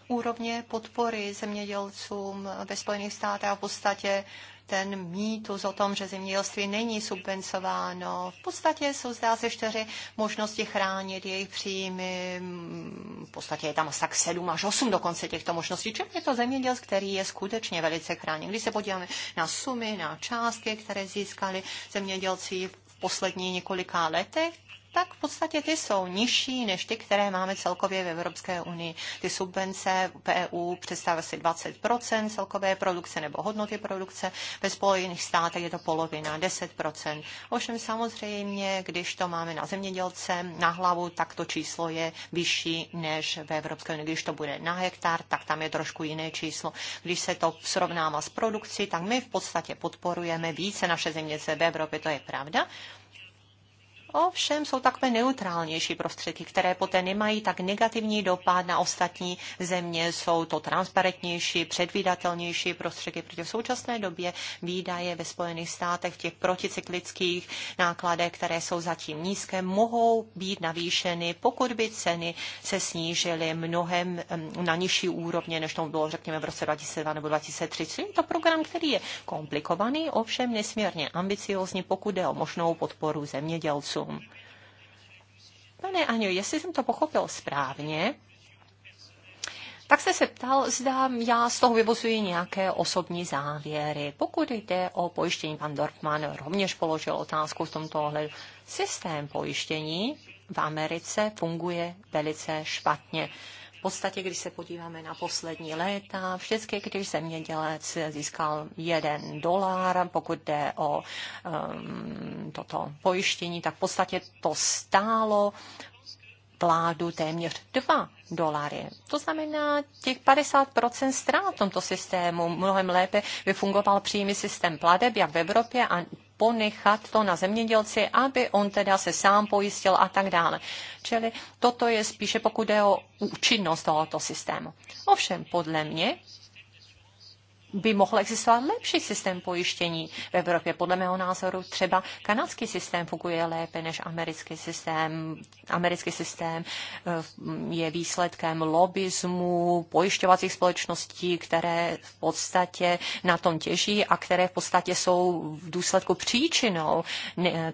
úrovně podpory zemědělcům ve Spojených státech a v podstatě ten mýtus o tom, že zemědělství není subvencováno. V podstatě jsou zdá se čtyři možnosti chránit jejich příjmy. V podstatě je tam asi tak sedm až osm dokonce těchto možností. Čím je to zemědělství, který je skutečně velice chráněn? Když se podíváme na sumy, na částky, které získali zemědělci v posledních několika letech, tak v podstatě ty jsou nižší než ty, které máme celkově v Evropské unii. Ty subvence v EU představují asi 20 celkové produkce nebo hodnoty produkce, ve Spojených státech je to polovina, 10 Ovšem samozřejmě, když to máme na zemědělce na hlavu, tak to číslo je vyšší než v Evropské unii. Když to bude na hektar, tak tam je trošku jiné číslo. Když se to srovnává s produkcí, tak my v podstatě podporujeme více naše zemědělce v Evropě, to je pravda. Ovšem jsou takové neutrálnější prostředky, které poté nemají tak negativní dopad na ostatní země. Jsou to transparentnější, předvídatelnější prostředky, protože v současné době výdaje ve Spojených státech v těch proticyklických nákladech, které jsou zatím nízké, mohou být navýšeny, pokud by ceny se snížily mnohem na nižší úrovně, než to bylo, řekněme, v roce 2002 nebo 2003. Je to program, který je komplikovaný, ovšem nesmírně ambiciózní, pokud jde o možnou podporu zemědělců státům. Pane Aňo, jestli jsem to pochopil správně, tak jste se ptal, zda já z toho vyvozuji nějaké osobní závěry. Pokud jde o pojištění, pan Dorfman rovněž položil otázku v tomto ohledu. Systém pojištění v Americe funguje velice špatně podstatě, když se podíváme na poslední léta, vždycky, když zemědělec získal jeden dolar, pokud jde o um, toto pojištění, tak v podstatě to stálo vládu téměř 2 dolary. To znamená těch 50% ztrát v tomto systému. Mnohem lépe by fungoval přímý systém pladeb jak v Evropě a ponechat to na zemědělci, aby on teda se sám pojistil a tak dále. Čili toto je spíše pokud je o účinnost tohoto systému. Ovšem, podle mě by mohl existovat lepší systém pojištění v Evropě. Podle mého názoru třeba kanadský systém funguje lépe než americký systém. Americký systém eh, je výsledkem lobbyzmu pojišťovacích společností, které v podstatě na tom těží a které v podstatě jsou v důsledku příčinou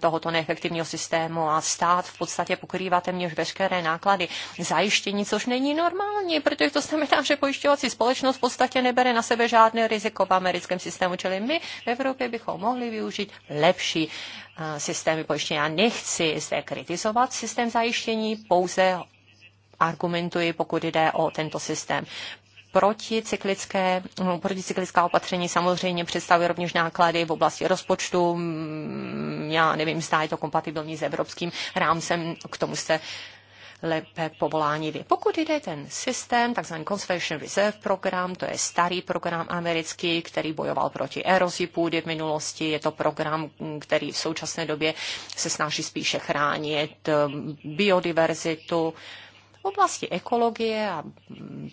tohoto neefektivního systému a stát v podstatě pokrývá téměř veškeré náklady zajištění, což není normální, protože to znamená, že pojišťovací společnost v podstatě nebere na sebe žádné stejné riziko v americkém systému, čili my v Evropě bychom mohli využít lepší eh, systémy pojištění. Já nechci zde kritizovat systém zajištění, pouze argumentuji, pokud jde o tento systém proticyklické, no, proticyklická opatření samozřejmě představuje rovněž náklady v oblasti rozpočtu. Mm, já nevím, zda je to kompatibilní s evropským rámcem, k tomu se lépe povolání vy. Pokud jde ten systém, takzvaný Conservation Reserve program, to je starý program americký, který bojoval proti erozi půdy v minulosti, je to program, který v současné době se snaží spíše chránit eh, biodiverzitu, v oblasti ekologie a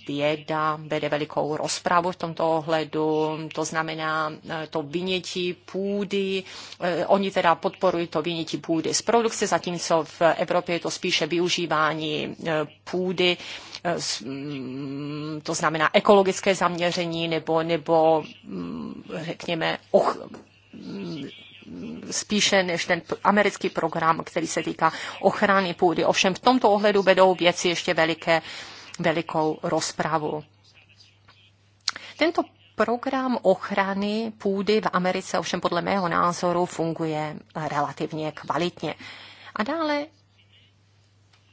věda vede velikou rozpravu v tomto ohledu, to znamená e, to vynětí půdy, e, oni teda podporují to vynětí půdy z produkce, zatímco v Evropě je to spíše využívání e, půdy, mm, to znamená ekologické zaměření nebo, nebo mm, řekněme, och, mm, spíše než ten americký program, který se týká ochrany půdy. Ovšem v tomto ohledu vedou věci ještě veliké, velikou rozpravu. Tento program ochrany půdy v Americe ovšem podle mého názoru funguje relativně kvalitně. A dále,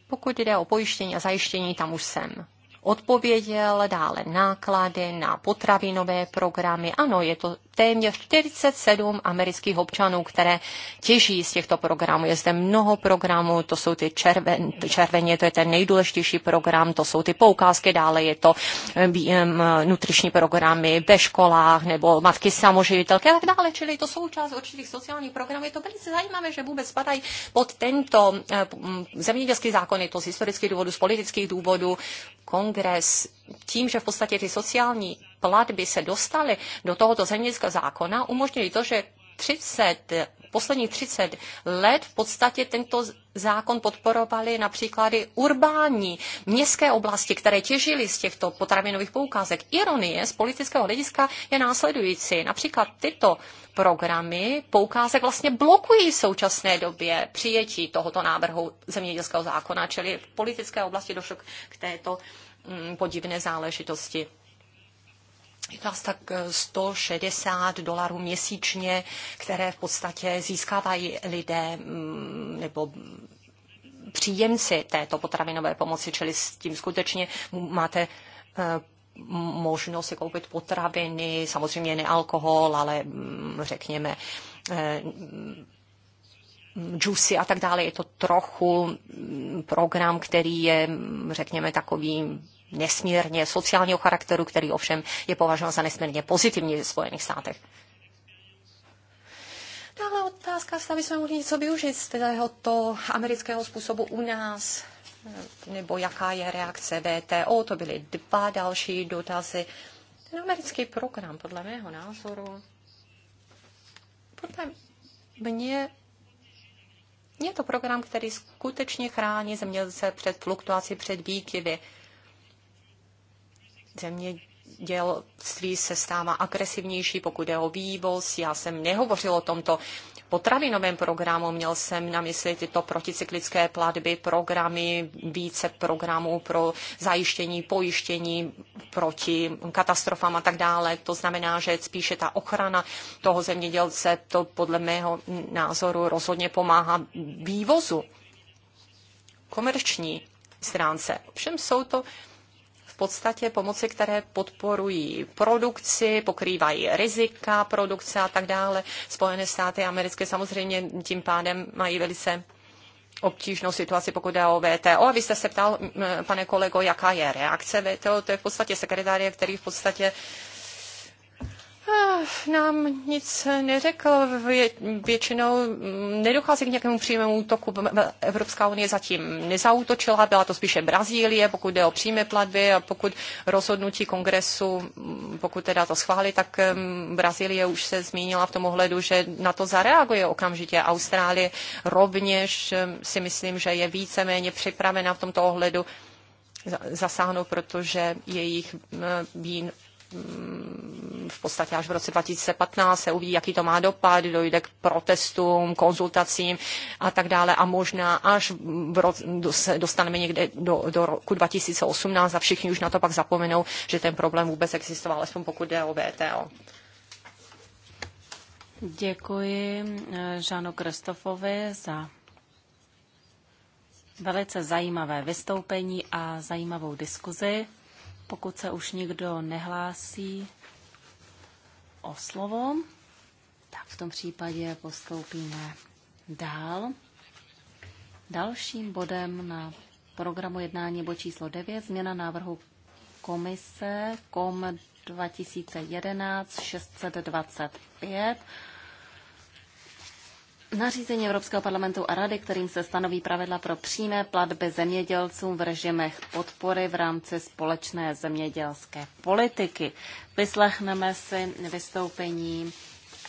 pokud jde o pojištění a zajištění, tam už jsem odpověděl, dále náklady na potravinové programy. Ano, je to téměř 47 amerických občanů, které těží z těchto programů. Je zde mnoho programů, to jsou ty červen, červeně, to je ten nejdůležitější program, to jsou ty poukázky, dále je to eh, nutriční programy ve školách nebo matky samoživitelky a tak dále, čili to součást určitých sociálních programů. Je to velice zajímavé, že vůbec spadají pod tento eh, zemědělský zákon, je to z historických důvodů, z politických důvodů, kongres, tím, že v podstatě ty sociální platby se dostaly do tohoto zemědělského zákona, umožnili to, že 30, posledních 30 let v podstatě tento zákon podporovali například i urbání městské oblasti, které těžily z těchto potravinových poukázek. Ironie z politického hlediska je následující. Například tyto programy poukázek vlastně blokují v současné době přijetí tohoto návrhu zemědělského zákona, čili v politické oblasti došlo k této mm, podivné záležitosti je to asi tak 160 eh, dolarů měsíčně, které v podstatě získávají lidé mm, nebo příjemci této potravinové pomoci, čili s tím skutečně máte eh, možnost si koupit potraviny, samozřejmě ne alkohol, ale mm, řekněme eh, džusy a tak dále. Je to trochu mm, program, který je, řekněme, takový nesmírně sociálního charakteru, který ovšem je považován za nesmírně pozitivní ve Spojených státech. Dále otázka, zda bychom mohli něco využít z tohoto amerického způsobu u nás, nebo jaká je reakce VTO, to byly dva další dotazy. Ten americký program, podle mého názoru, podle mě je to program, který skutečně chrání zemědělce před fluktuací, před výkyvy zemědělství se stává agresivnější, pokud je o vývoz. Já jsem nehovořil o tomto potravinovém programu, měl jsem na mysli tyto proticyklické platby, programy, více programů pro zajištění, pojištění proti katastrofám a tak dále. To znamená, že spíše ta ochrana toho zemědělce, to podle mého názoru rozhodně pomáhá vývozu komerční stránce. Všem jsou to podstatě pomoci, které podporují produkci, pokrývají rizika produkce a tak dále. Spojené státy americké samozřejmě tím pádem mají velice obtížnou situaci, pokud jde o VTO. A vy jste se ptal, pane kolego, jaká je reakce VTO. To je v podstatě sekretárie, který v podstatě uh, Eh, nám nic neřekl. Většinou nedochází k nějakému přímému útoku. Evropská unie zatím nezautočila, byla to spíše Brazílie, pokud jde o přímé platby a pokud rozhodnutí kongresu, mm, pokud teda to schválí, tak Brazílie už se zmínila v tom ohledu, že na to zareaguje okamžitě. Austrálie rovněž si myslím, že je víceméně připravena v tomto ohledu zasáhnout, protože jejich Mm, v podstatě až v roce 2015 se uvidí, jaký to má dopad, dojde k protestům, konzultacím a tak dále a možná až v roce, se dostaneme někde do, do roku 2018 a všichni už na to pak zapomenou, že ten problém vůbec existoval, alespoň pokud jde o VTO. Děkuji eh, Žánu Kristofovi za velice zajímavé vystoupení a zajímavou diskuzi. Pokud se už nikdo nehlásí o slovo, tak v tom případě postoupíme dál. Dalším bodem na programu jednání bod číslo 9, změna návrhu komise KOM 2011 625 Nařízení Evropského parlamentu a Rady, kterým se stanoví pravidla pro přímé platby zemědělcům v režimech podpory v rámci společné zemědělské politiky. Vyslechneme si vystoupení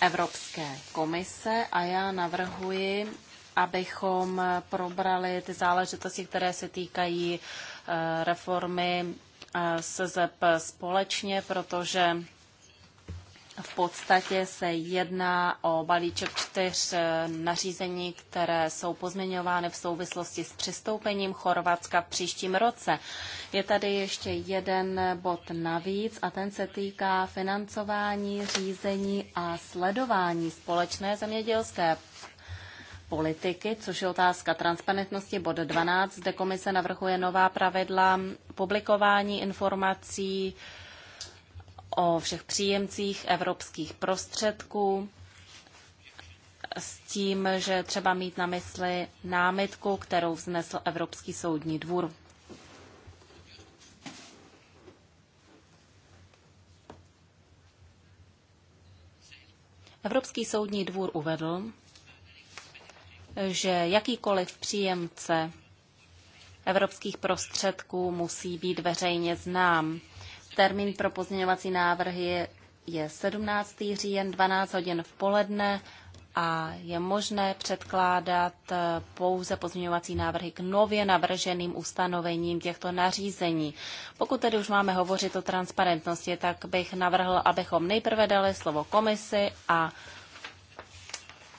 Evropské komise a já navrhuji, abychom probrali ty záležitosti, které se týkají eh, reformy eh, SZP společně, protože v podstatě se jedná o balíček čtyř eh, nařízení, které jsou pozměňovány v souvislosti s přistoupením Chorvatska v příštím roce. Je tady ještě jeden bod navíc a ten se týká financování, řízení a sledování společné zemědělské politiky, což je otázka transparentnosti bod 12, kde komise navrhuje nová pravidla publikování informací o všech příjemcích evropských prostředků s tím, že třeba mít na mysli námitku, kterou vznesl Evropský soudní dvůr. Evropský soudní dvůr uvedl, že jakýkoliv příjemce evropských prostředků musí být veřejně znám. Termín pro pozměňovací návrhy je 17. říjen 12 hodin v poledne a je možné předkládat eh, pouze pozměňovací návrhy k nově navrženým ustanovením těchto nařízení. Pokud tedy už máme hovořit o transparentnosti, tak bych navrhl, abychom nejprve dali slovo komisi a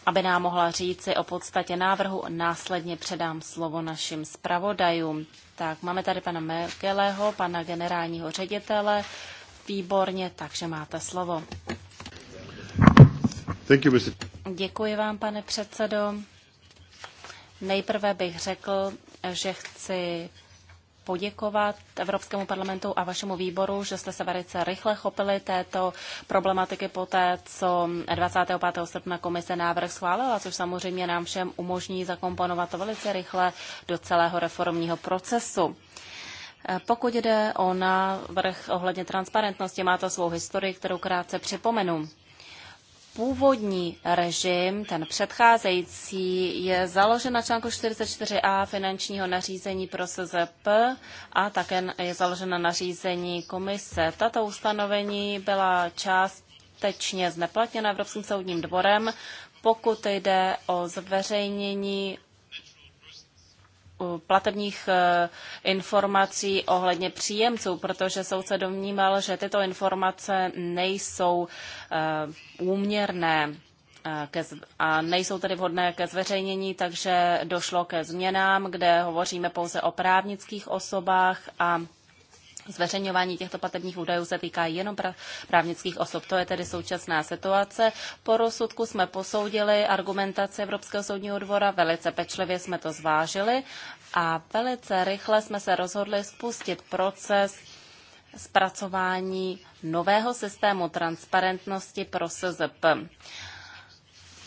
aby nám mohla říci o podstatě návrhu. Následně předám slovo našim zpravodajům. Tak, máme tady pana Merkeleho, pana generálního ředitele. Výborně, takže máte slovo. You, Děkuji vám, pane předsedo. Nejprve bych řekl, že chci poděkovat Evropskému parlamentu a vašemu výboru, že jste se velice rychle chopili této problematiky po té, co 25. srpna komise návrh schválila, což samozřejmě nám všem umožní zakomponovat to velice rychle do celého reformního procesu. Pokud jde o návrh ohledně transparentnosti, má to svou historii, kterou krátce připomenu původní režim, ten předcházející, je založen na článku 44a finančního nařízení pro SZP a také je založen na nařízení komise. Tato ustanovení byla částečně zneplatněna Evropským soudním dvorem, pokud jde o zveřejnění platebních eh, informací ohledně příjemců, protože soud se domníval, že tyto informace nejsou eh, úměrné eh, a nejsou tedy vhodné ke zveřejnění, takže došlo ke změnám, kde hovoříme pouze o právnických osobách a Zveřejňování těchto platebních údajů se týká jenom právnických osob. To je tedy současná situace. Po rozsudku jsme posoudili argumentaci Evropského soudního dvora, velice pečlivě jsme to zvážili a velice rychle jsme se rozhodli spustit proces zpracování nového systému transparentnosti pro SZP.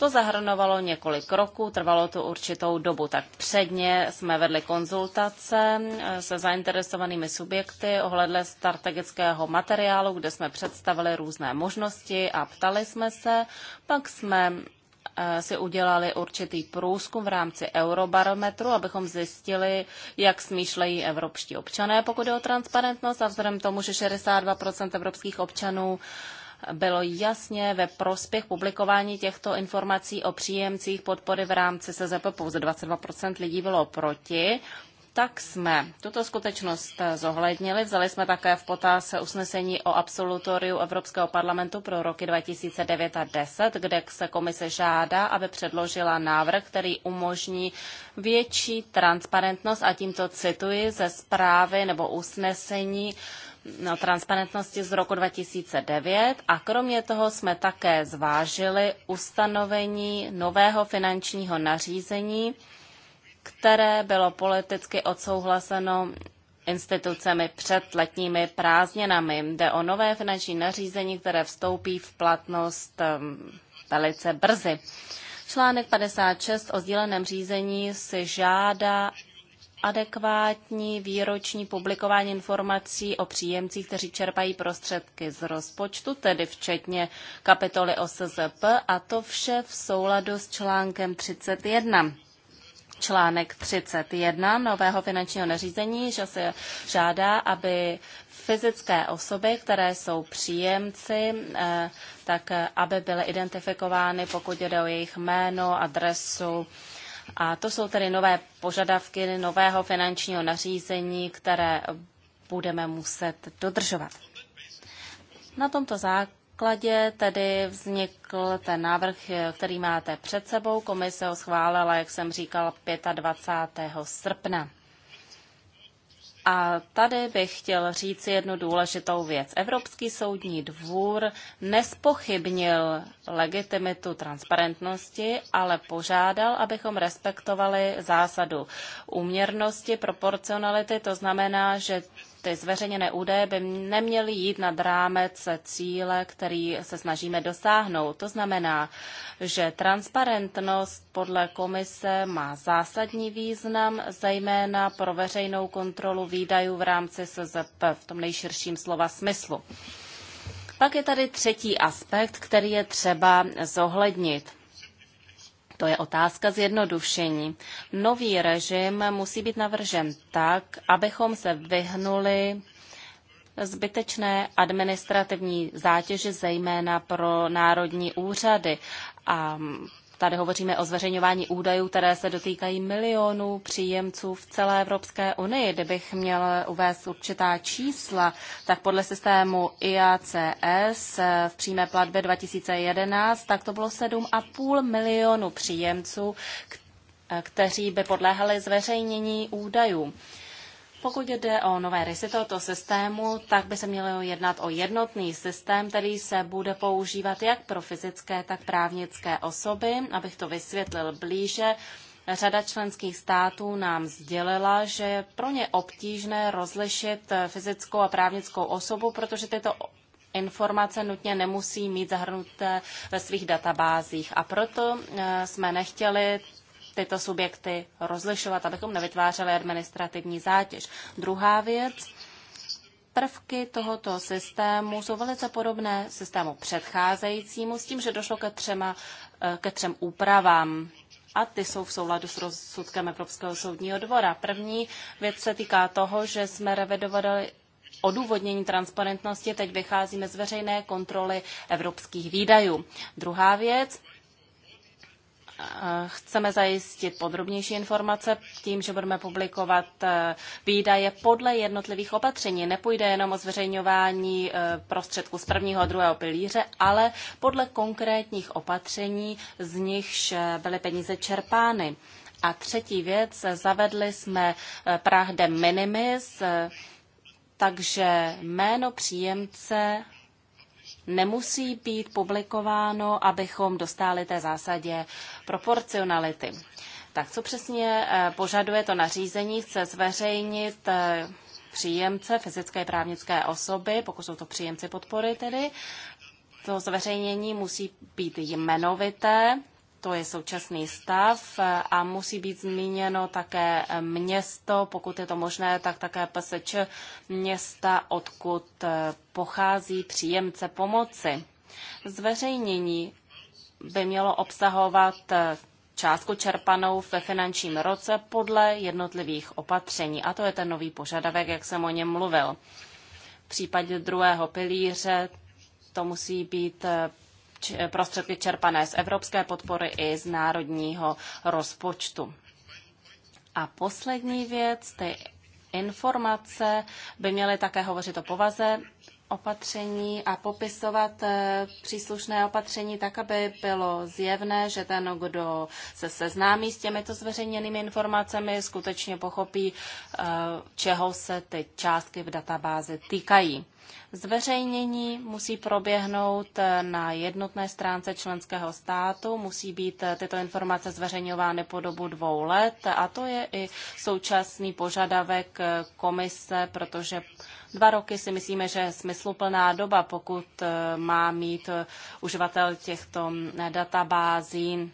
To zahrnovalo několik kroků, trvalo to určitou dobu. Tak předně jsme vedli konzultace eh, se zainteresovanými subjekty ohledle strategického materiálu, kde jsme představili různé možnosti a ptali jsme se. Pak jsme eh, si udělali určitý průzkum v rámci Eurobarometru, abychom zjistili, jak smýšlejí evropští občané, pokud je o transparentnost a vzhledem tomu, že 62% evropských občanů uh, bylo jasně ve prospěch publikování těchto informací o příjemcích podpory v rámci SZP. Pouze 22 lidí bylo proti. Tak jsme tuto skutečnost zohlednili. Vzali jsme také v potaz usnesení o absolutoriu Evropského parlamentu pro roky 2009 a 10, kde se komise žádá, aby předložila návrh, který umožní větší transparentnost a tímto cituji ze zprávy nebo usnesení o transparentnosti z roku 2009 a kromě toho jsme také zvážili ustanovení nového finančního nařízení, které bylo politicky odsouhlaseno institucemi před letními prázdninami. Jde o nové finanční nařízení, které vstoupí v platnost ehm, velice brzy. Článek 56 o sdíleném řízení si žádá adekvátní výroční publikování informací o příjemcích, kteří čerpají prostředky z rozpočtu, tedy včetně kapitoly OSZP, a to vše v souladu s článkem 31 článek 31 nového finančního nařízení, že se žádá, aby fyzické osoby, které jsou příjemci, eh, tak eh, aby byly identifikovány, pokud jde o jejich jméno, adresu, a to jsou tedy nové požadavky nového finančního nařízení, které budeme muset dodržovat. Na tomto základě tedy vznikl ten návrh, který máte před sebou. Komise ho schválila, jak jsem říkal, 25. srpna. A tady bych chtěl říct jednu důležitou věc. Evropský soudní dvůr nespochybnil legitimitu transparentnosti, ale požádal, abychom respektovali zásadu úměrnosti, proporcionality. To znamená, že ty zveřejněné údaje by neměly jít nad rámec cíle, který se snažíme dosáhnout. To znamená, že transparentnost podle komise má zásadní význam, zejména pro veřejnou kontrolu výdajů v rámci SZP v tom nejširším slova smyslu. Pak je tady třetí aspekt, který je třeba zohlednit. To je otázka zjednodušení. Nový režim musí být navržen tak, abychom se vyhnuli zbytečné administrativní zátěže, zejména pro národní úřady. A Tady hovoříme o zveřejňování údajů, které se dotýkají milionů příjemců v celé Evropské unii. Kdybych měl uvést určitá čísla, tak podle systému IACS v přímé platbě 2011, tak to bylo 7,5 milionu příjemců, kteří by podléhali zveřejnění údajů. Pokud jde o nové rysy tohoto systému, tak by se mělo jednat o jednotný systém, který se bude používat jak pro fyzické, tak právnické osoby. Abych to vysvětlil blíže, Řada členských států nám sdělila, že je pro ně obtížné rozlišit fyzickou a právnickou osobu, protože tyto informace nutně nemusí mít zahrnuté ve svých databázích. A proto eh, jsme nechtěli tyto subjekty rozlišovat, abychom nevytvářeli administrativní zátěž. Druhá věc, prvky tohoto systému jsou velice podobné systému předcházejícímu s tím, že došlo ke, třema, eh, ke třem úpravám a ty jsou v souladu s rozsudkem Evropského soudního dvora. První věc se týká toho, že jsme revidovali odůvodnění transparentnosti, teď vycházíme z veřejné kontroly evropských výdajů. Druhá věc, Eh, chceme zajistit podrobnější informace tím, že budeme publikovat eh, výdaje podle jednotlivých opatření. Nepůjde jenom o zveřejňování eh, prostředků z prvního a druhého pilíře, ale podle konkrétních opatření, z nichž byly peníze čerpány. A třetí věc, zavedli jsme Prah de minimis, takže jméno příjemce nemusí být publikováno, abychom dostali té zásadě proporcionality. Tak co přesně eh, požaduje to nařízení? Chce zveřejnit eh, příjemce, fyzické i právnické osoby, pokud jsou to příjemci podpory tedy. To zveřejnění musí být jmenovité, to je současný stav a musí být zmíněno také město, pokud je to možné, tak také PSČ města, odkud pochází příjemce pomoci. Zveřejnění by mělo obsahovat částku čerpanou ve finančním roce podle jednotlivých opatření. A to je ten nový požadavek, jak jsem o něm mluvil. V případě druhého pilíře to musí být prostředky čerpané z evropské podpory i z národního rozpočtu. A poslední věc, ty informace by měly také hovořit o povaze opatření a popisovat eh, příslušné opatření tak, aby bylo zjevné, že ten, kdo se seznámí s těmito zveřejněnými informacemi, skutečně pochopí, eh, čeho se ty částky v databázi týkají. Zveřejnění musí proběhnout eh, na jednotné stránce členského státu, musí být eh, tyto informace zveřejňovány po dobu dvou let a to je i současný požadavek eh, komise, protože dva roky si myslíme, že je smysluplná doba, pokud má mít uživatel těchto mm, databází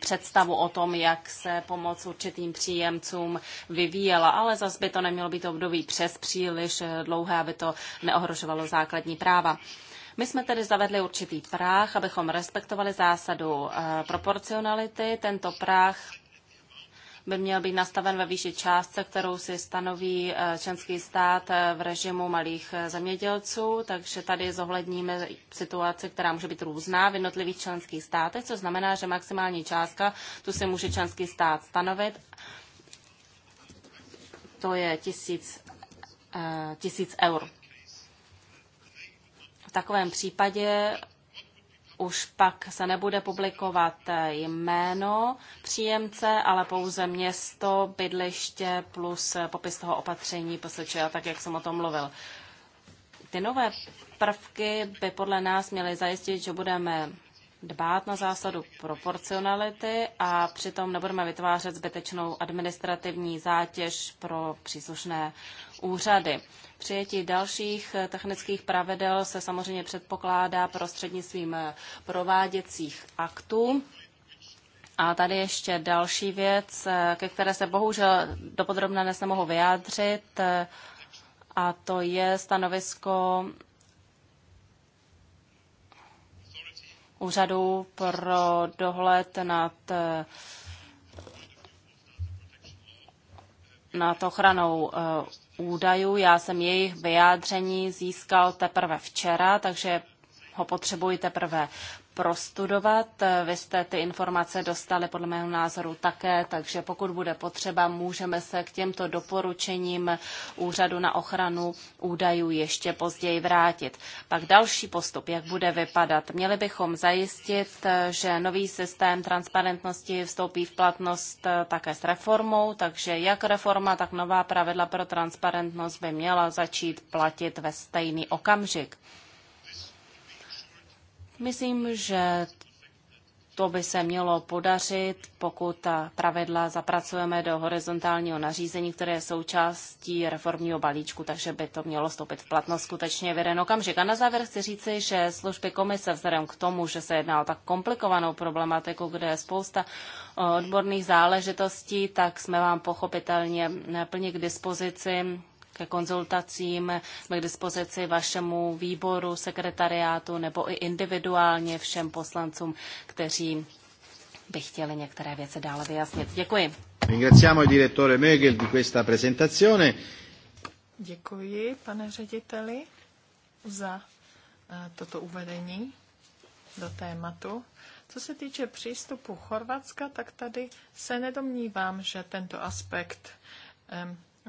představu o tom, jak se pomoc určitým příjemcům vyvíjela, ale zas by to nemělo být období přes příliš dlouhé, aby to neohrožovalo základní práva. My jsme tedy zavedli určitý práh, abychom respektovali zásadu eh, proporcionality. Tento práh by měl být nastaven ve výši částce, kterou si stanoví eh, členský stát eh, v režimu malých eh, zemědělců, takže tady zohledníme situaci, která může být různá v jednotlivých členských státech, což znamená, že maximální částka tu si může členský stát stanovit. To je tisíc, tisíc eur. V takovém případě už pak se nebude publikovat eh, jméno příjemce, ale pouze město, bydliště plus eh, popis toho opatření PSČ, tak jak jsem o tom mluvil. Ty nové prvky by podle nás měly zajistit, že budeme dbát na zásadu proporcionality a přitom nebudeme vytvářet zbytečnou administrativní zátěž pro příslušné úřady. Přijetí dalších technických pravidel se samozřejmě předpokládá prostřednictvím prováděcích aktů. A tady ještě další věc, ke které se bohužel dopodrobna dnes nemohu vyjádřit, a to je stanovisko úřadu pro dohled nad eh, nad ochranou eh, údajů. Já jsem jejich vyjádření získal teprve včera, takže ho potřebuji teprve prostudovat. Vy jste ty informace dostali podle mého názoru také, takže pokud bude potřeba, můžeme se k těmto doporučením Úřadu na ochranu údajů ještě později vrátit. Pak další postup, jak bude vypadat. Měli bychom zajistit, že nový systém transparentnosti vstoupí v platnost také s reformou, takže jak reforma, tak nová pravidla pro transparentnost by měla začít platit ve stejný okamžik. Myslím, že to by se mělo podařit, pokud ta pravidla zapracujeme do horizontálního nařízení, které je součástí reformního balíčku, takže by to mělo stoupit v platnost skutečně v jeden okamžik. A na závěr chci říci, že služby komise vzhledem k tomu, že se jedná o tak komplikovanou problematiku, kde je spousta eh, odborných záležitostí, tak jsme vám pochopitelně plně k dispozici ke konzultacím, jsme k dispozici vašemu výboru, sekretariátu nebo i individuálně všem poslancům, kteří by chtěli některé věci dále vyjasnit. Děkuji. Ringraziamo il direttore Mögel di questa presentazione. Děkuji, pane řediteli, za eh, toto uvedení do tématu. Co se týče přístupu Chorvatska, tak tady se nedomnívám, že tento aspekt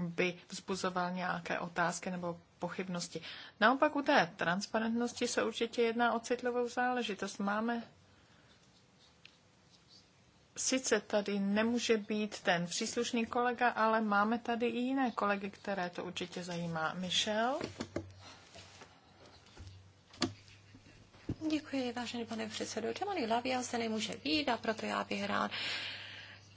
by vzbuzoval nějaké otázky nebo pochybnosti. Naopak u té transparentnosti se určitě jedná o citlivou záležitost. Máme sice tady nemůže být ten příslušný kolega, ale máme tady i jiné kolegy, které to určitě zajímá. Michel? Děkuji, vážený pane předsedo. Giovanni Lavia se nemůže být a proto já bych rád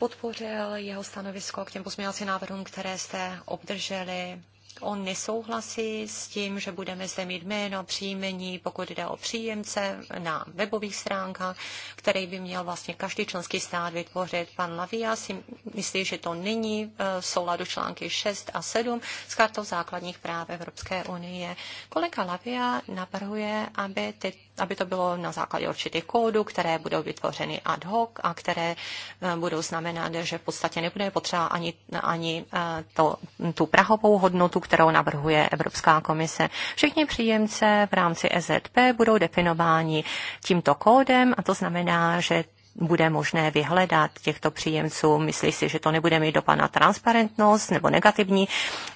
podpořil jeho stanovisko k těm pozměňovacím návrhům, které jste obdrželi. On nesouhlasí s tím, že budeme zde mít jméno, příjmení, pokud jde o příjemce na webových stránkách, který by měl vlastně každý členský stát vytvořit. Pan Lavia si myslí, že to není eh, v souladu články 6 a 7 s kartou základních práv Evropské unie. Kolega Lavia navrhuje, aby ty aby to bylo na základě určitých kódů, které budou vytvořeny ad hoc a které eh, budou znamenat, že v podstatě nebude potřeba ani, ani eh, to, tu prahovou hodnotu, kterou navrhuje Evropská komise. Všichni příjemce v rámci EZP budou definováni tímto kódem a to znamená, že bude možné vyhledat těchto příjemců? Myslí si, že to nebude mít dopad na transparentnost nebo negativní,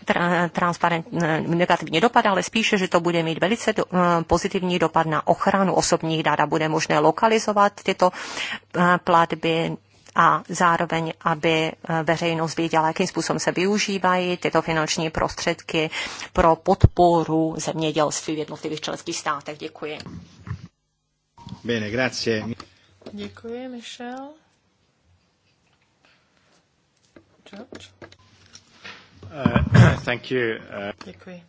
tra, transparent, negativní dopad, ale spíše, že to bude mít velice do, eh, pozitivní dopad na ochranu osobních dat a bude možné lokalizovat tyto eh, platby a zároveň, aby eh, veřejnost věděla, jakým způsobem se využívají tyto finanční prostředky pro podporu zemědělství v jednotlivých členských státech. Děkuji. Bene, grazie. Děkuji, Michel. George? Uh, thank you. Uh... Děkuji.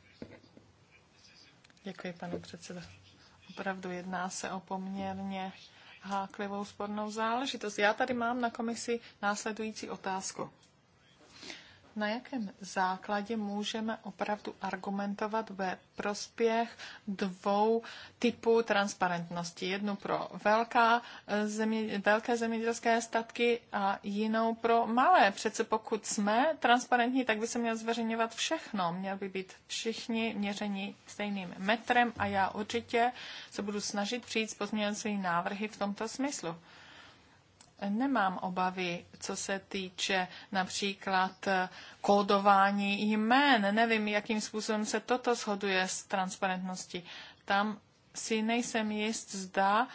Děkuji, pane předsedo. Opravdu jedná se o poměrně háklivou spornou záležitost. Já tady mám na komisi následující otázku na jakém základě můžeme opravdu argumentovat ve prospěch dvou typů transparentnosti. Jednu pro velká eh, země, velké zemědělské statky a jinou pro malé. Přece pokud jsme transparentní, tak by se měl zveřejňovat všechno. Měl by být všichni měření stejným metrem a já určitě se budu snažit přijít s pozměňovacími návrhy v tomto smyslu nemám obavy, co se týče například eh, kódování jmén. Nevím, jakým způsobem se toto shoduje s transparentností. Tam si nejsem jist, zda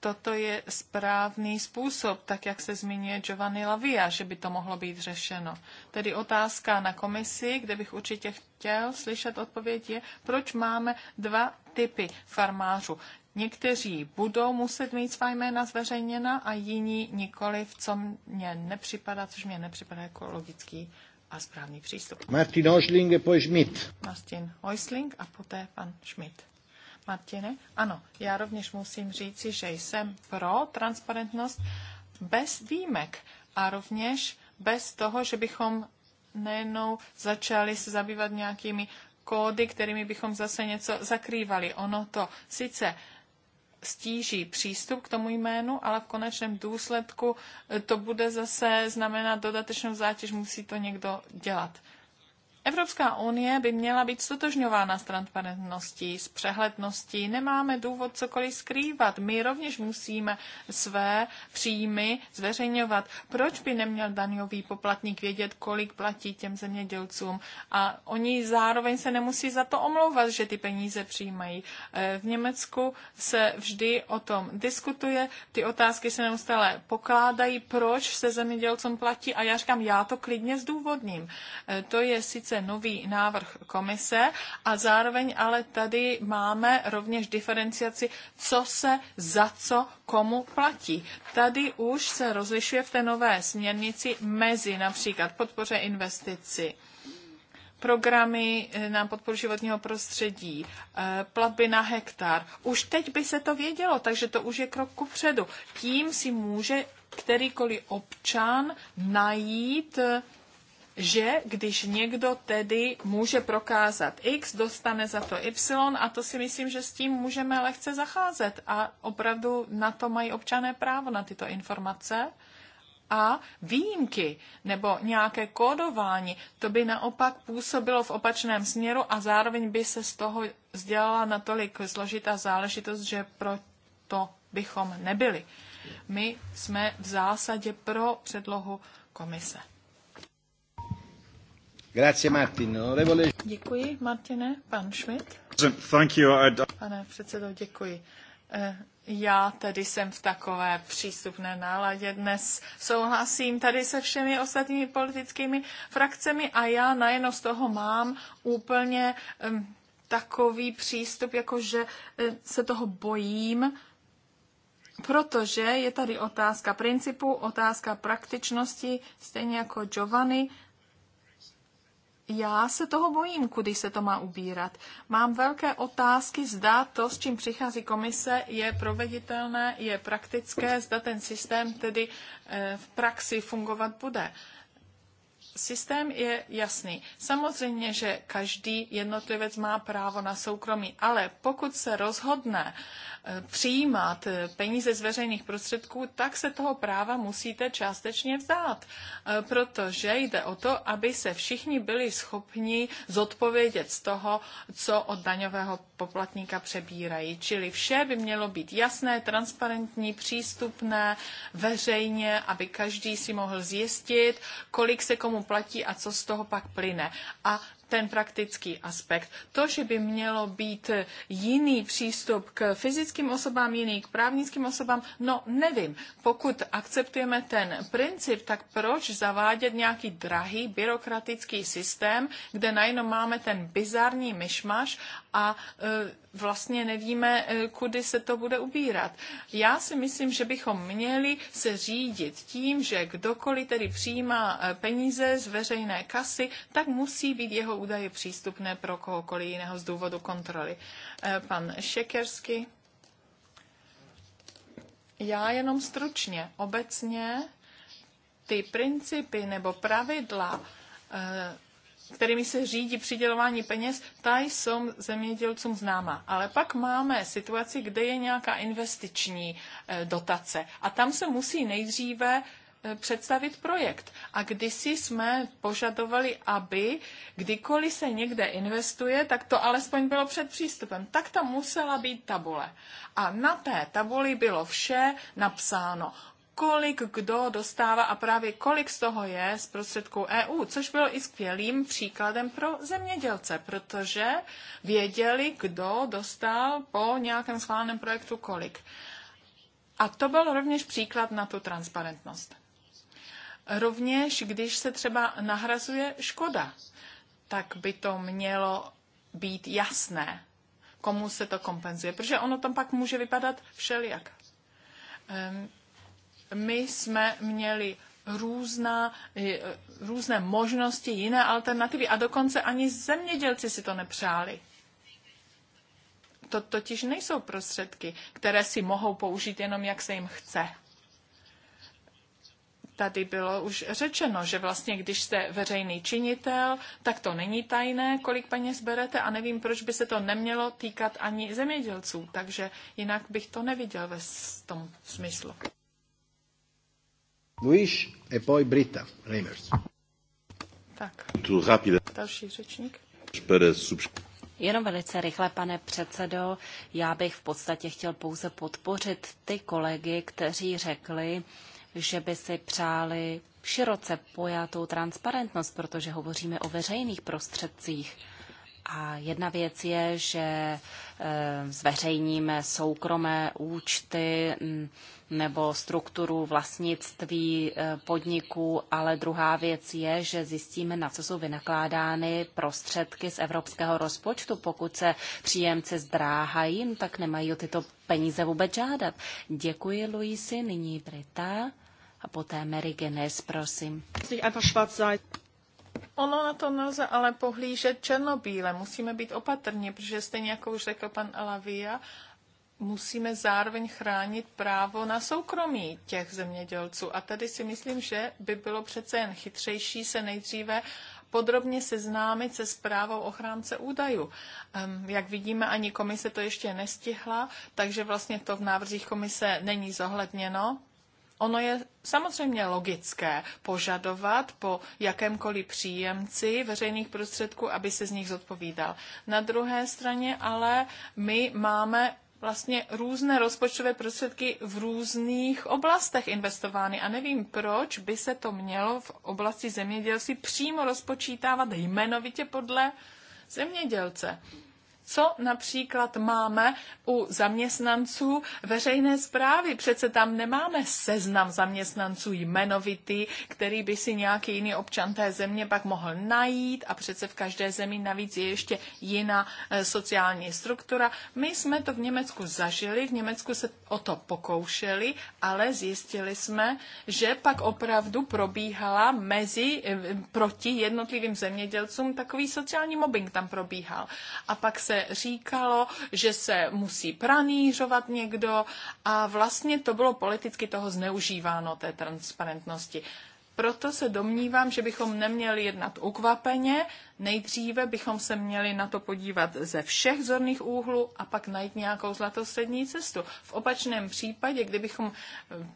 toto je správný způsob, tak jak se zmiňuje Giovanni Lavia, že by to mohlo být řešeno. Tedy otázka na komisi, kde bych určitě chtěl slyšet odpověď, je, proč máme dva typy farmářů. Někteří budou muset mít svá jména zveřejněna a jiní nikoli, co mě nepřipadá, což mě nepřipadá jako logický a správný přístup. Martin Ošling a poté Schmidt. Martin Oisling a poté pan Schmidt. Martine, ano, já rovněž musím říci, že jsem pro transparentnost bez výjimek a rovněž bez toho, že bychom nejenom začali se zabývat nějakými kódy, kterými bychom zase něco zakrývali. Ono to sice stíží přístup k tomu jménu, ale v konečném důsledku to bude zase znamenat dodatečnou zátěž, musí to někdo dělat. Evropská unie by měla být stotožňována s transparentností, s přehledností. Nemáme důvod cokoliv skrývat. My rovněž musíme své příjmy zveřejňovat. Proč by neměl daňový poplatník vědět, kolik platí těm zemědělcům? A oni zároveň se nemusí za to omlouvat, že ty peníze přijímají. Eh, v Německu se vždy o tom diskutuje, ty otázky se neustále pokládají, proč se zemědělcům platí a já říkám, já to klidně zdůvodním. Eh, to je sice sice nový návrh komise a zároveň ale tady máme rovněž diferenciaci, co se za co komu platí. Tady už se rozlišuje v té nové směrnici mezi například podpoře investici, programy na podporu životního prostředí, eh, platby na hektar. Už teď by se to vědělo, takže to už je krok ku předu. Tím si může kterýkoliv občan najít eh, že když někdo tedy může prokázat X, dostane za to Y a to si myslím, že s tím můžeme lehce zacházet a opravdu na to mají občané právo na tyto informace a výjimky nebo nějaké kódování, to by naopak působilo v opačném směru a zároveň by se z toho sdělala natolik složitá záležitost, že pro to bychom nebyli. My jsme v zásadě pro předlohu komise. Děkuji, Martine. Pan Schmidt. Thank you. Pane předsedo, děkuji. Eh, já tedy jsem v takové přístupné náladě dnes. Souhlasím tady se všemi ostatními politickými frakcemi a já najednou z toho mám úplně um, takový přístup, jakože um, eh, se toho bojím, protože je tady otázka principu, otázka praktičnosti, stejně jako Giovanni já se toho bojím, kudy se to má ubírat. Mám velké otázky, zda to, s čím přichází komise, je proveditelné, je praktické, zda ten systém tedy eh, v praxi fungovat bude. Systém je jasný. Samozřejmě, že každý jednotlivec má právo na soukromí, ale pokud se rozhodne Eh, přijímat eh, peníze z veřejných prostředků, tak se toho práva musíte částečně vzdát, eh, protože jde o to, aby se všichni byli schopni zodpovědět z toho, co od daňového poplatníka přebírají. Čili vše by mělo být jasné, transparentní, přístupné, veřejně, aby každý si mohl zjistit, kolik se komu platí a co z toho pak plyne. A ten praktický aspekt. To, že by mělo být jiný přístup k fyzickým osobám, jiný k právnickým osobám, no nevím. Pokud akceptujeme ten princip, tak proč zavádět nějaký drahý byrokratický systém, kde najednou máme ten bizarní myšmaš a e, vlastně nevíme, e, kudy se to bude ubírat. Já si myslím, že bychom měli se řídit tím, že kdokoliv tedy přijímá e, peníze z veřejné kasy, tak musí být jeho údaje přístupné pro kohokoliv jiného z důvodu kontroly. Pan Šekersky. Já jenom stručně, obecně ty principy nebo pravidla kterými se řídí přidělování peněz, ta jsou zemědělcům známa. Ale pak máme situaci, kde je nějaká investiční eh, dotace a tam se musí nejdříve eh, představit projekt. A kdysi jsme požadovali, aby kdykoliv se někde investuje, tak to alespoň bylo před přístupem. Tak tam musela být tabule. A na té tabuli bylo vše napsáno kolik kdo dostává a právě kolik z toho je z prostředků EU, což bylo i skvělým příkladem pro zemědělce, protože věděli, kdo dostal po nějakém schváleném projektu kolik. A to byl rovněž příklad na tu transparentnost. Rovněž, když se třeba nahrazuje škoda, tak by to mělo být jasné, komu se to kompenzuje, protože ono tam pak může vypadat všelijak. Ehm, my jsme měli různá, eh, různé možnosti, jiné alternativy a dokonce ani zemědělci si to nepřáli. To totiž nejsou prostředky, které si mohou použít jenom jak se jim chce. Tady bylo už řečeno, že vlastně když jste veřejný činitel, tak to není tajné, kolik peněz berete a nevím, proč by se to nemělo týkat ani zemědělců, takže jinak bych to neviděl ve tom smyslu. Luis e poi Brita Reimers. Tak. Tu rapide. Další řečník. Jenom velice rychle, pane předsedo, já bych v podstatě chtěl pouze podpořit ty kolegy, kteří řekli, že by si přáli široce pojatou transparentnost, protože hovoříme o veřejných prostředcích. A jedna věc je, že eh, zveřejníme soukromé účty mm, nebo strukturu vlastnictví eh, podniků, ale druhá věc je, že zjistíme, na co jsou vynakládány prostředky z evropského rozpočtu. Pokud se příjemci zdráhají, no tak nemají o tyto peníze vůbec žádat. Děkuji, Luisi. Nyní Brita a poté Mary Guinness, prosím. Ono na to nelze ale pohlížet černobíle. Musíme být opatrní, protože stejně jako už řekl pan Alavia, musíme zároveň chránit právo na soukromí těch zemědělců. A tady si myslím, že by bylo přece jen chytřejší se nejdříve podrobně seznámit se zprávou ochránce údajů. Ehm, jak vidíme, ani komise to ještě nestihla, takže vlastně to v návrzích komise není zohledněno. Ono je samozřejmě logické požadovat po jakémkoliv příjemci veřejných prostředků, aby se z nich zodpovídal. Na druhé straně ale my máme vlastně různé rozpočtové prostředky v různých oblastech investovány a nevím, proč by se to mělo v oblasti zemědělství přímo rozpočítávat jmenovitě podle zemědělce. Co například máme u zaměstnanců veřejné zprávy? Přece tam nemáme seznam zaměstnanců jmenovitý, který by si nějaký jiný občan té země pak mohl najít a přece v každé zemi navíc je ještě jiná eh, sociální struktura. My jsme to v Německu zažili, v Německu se o to pokoušeli, ale zjistili jsme, že pak opravdu probíhala mezi, eh, proti jednotlivým zemědělcům takový sociální mobbing tam probíhal. A pak se říkalo, že se musí pranířovat někdo a vlastně to bylo politicky toho zneužíváno, té transparentnosti. Proto se domnívám, že bychom neměli jednat ukvapeně, nejdříve bychom se měli na to podívat ze všech zorných úhlů a pak najít nějakou zlatostřední cestu. V opačném případě, kdybychom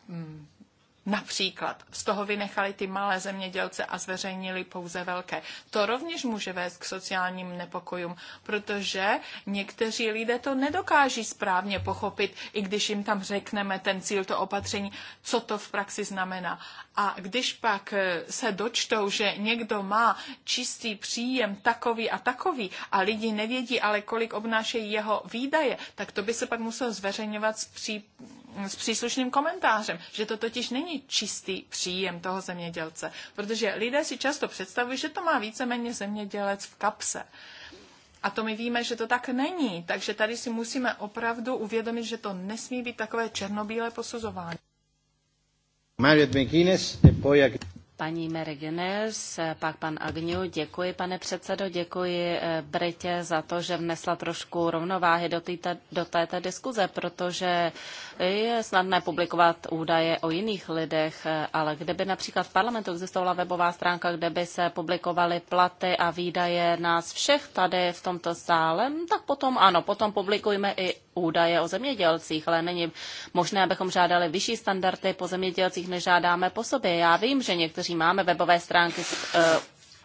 mm, Například z toho vynechali ty malé zemědělce a zveřejnili pouze velké. To rovněž může vést k sociálním nepokojům, protože někteří lidé to nedokáží správně pochopit, i když jim tam řekneme ten cíl, to opatření, co to v praxi znamená. A když pak eh, se dočtou, že někdo má čistý příjem takový a takový a lidi nevědí ale kolik obnášejí jeho výdaje, tak to by se pak muselo zveřejňovat s příslušným komentářem, že to totiž není čistý příjem toho zemědělce, protože lidé si často představují, že to má víceméně zemědělec v kapse. A to my víme, že to tak není, takže tady si musíme opravdu uvědomit, že to nesmí být takové černobílé posuzování. Mario Benquines, poi... Paní Mary Guinness, pak pan Agňu. Děkuji, pane předsedo, děkuji eh, Britě za to, že vnesla trošku rovnováhy do, týte, do této diskuze, protože je snadné publikovat údaje o jiných lidech, eh, ale kdyby například v parlamentu existovala webová stránka, kde by se publikovaly platy a výdaje nás všech tady v tomto sále, no tak potom ano, potom publikujme i údaje o zemědělcích, ale není možné, abychom žádali vyšší standardy po zemědělcích, než žádáme po sobě. Já vím, že někteří máme webové stránky s e,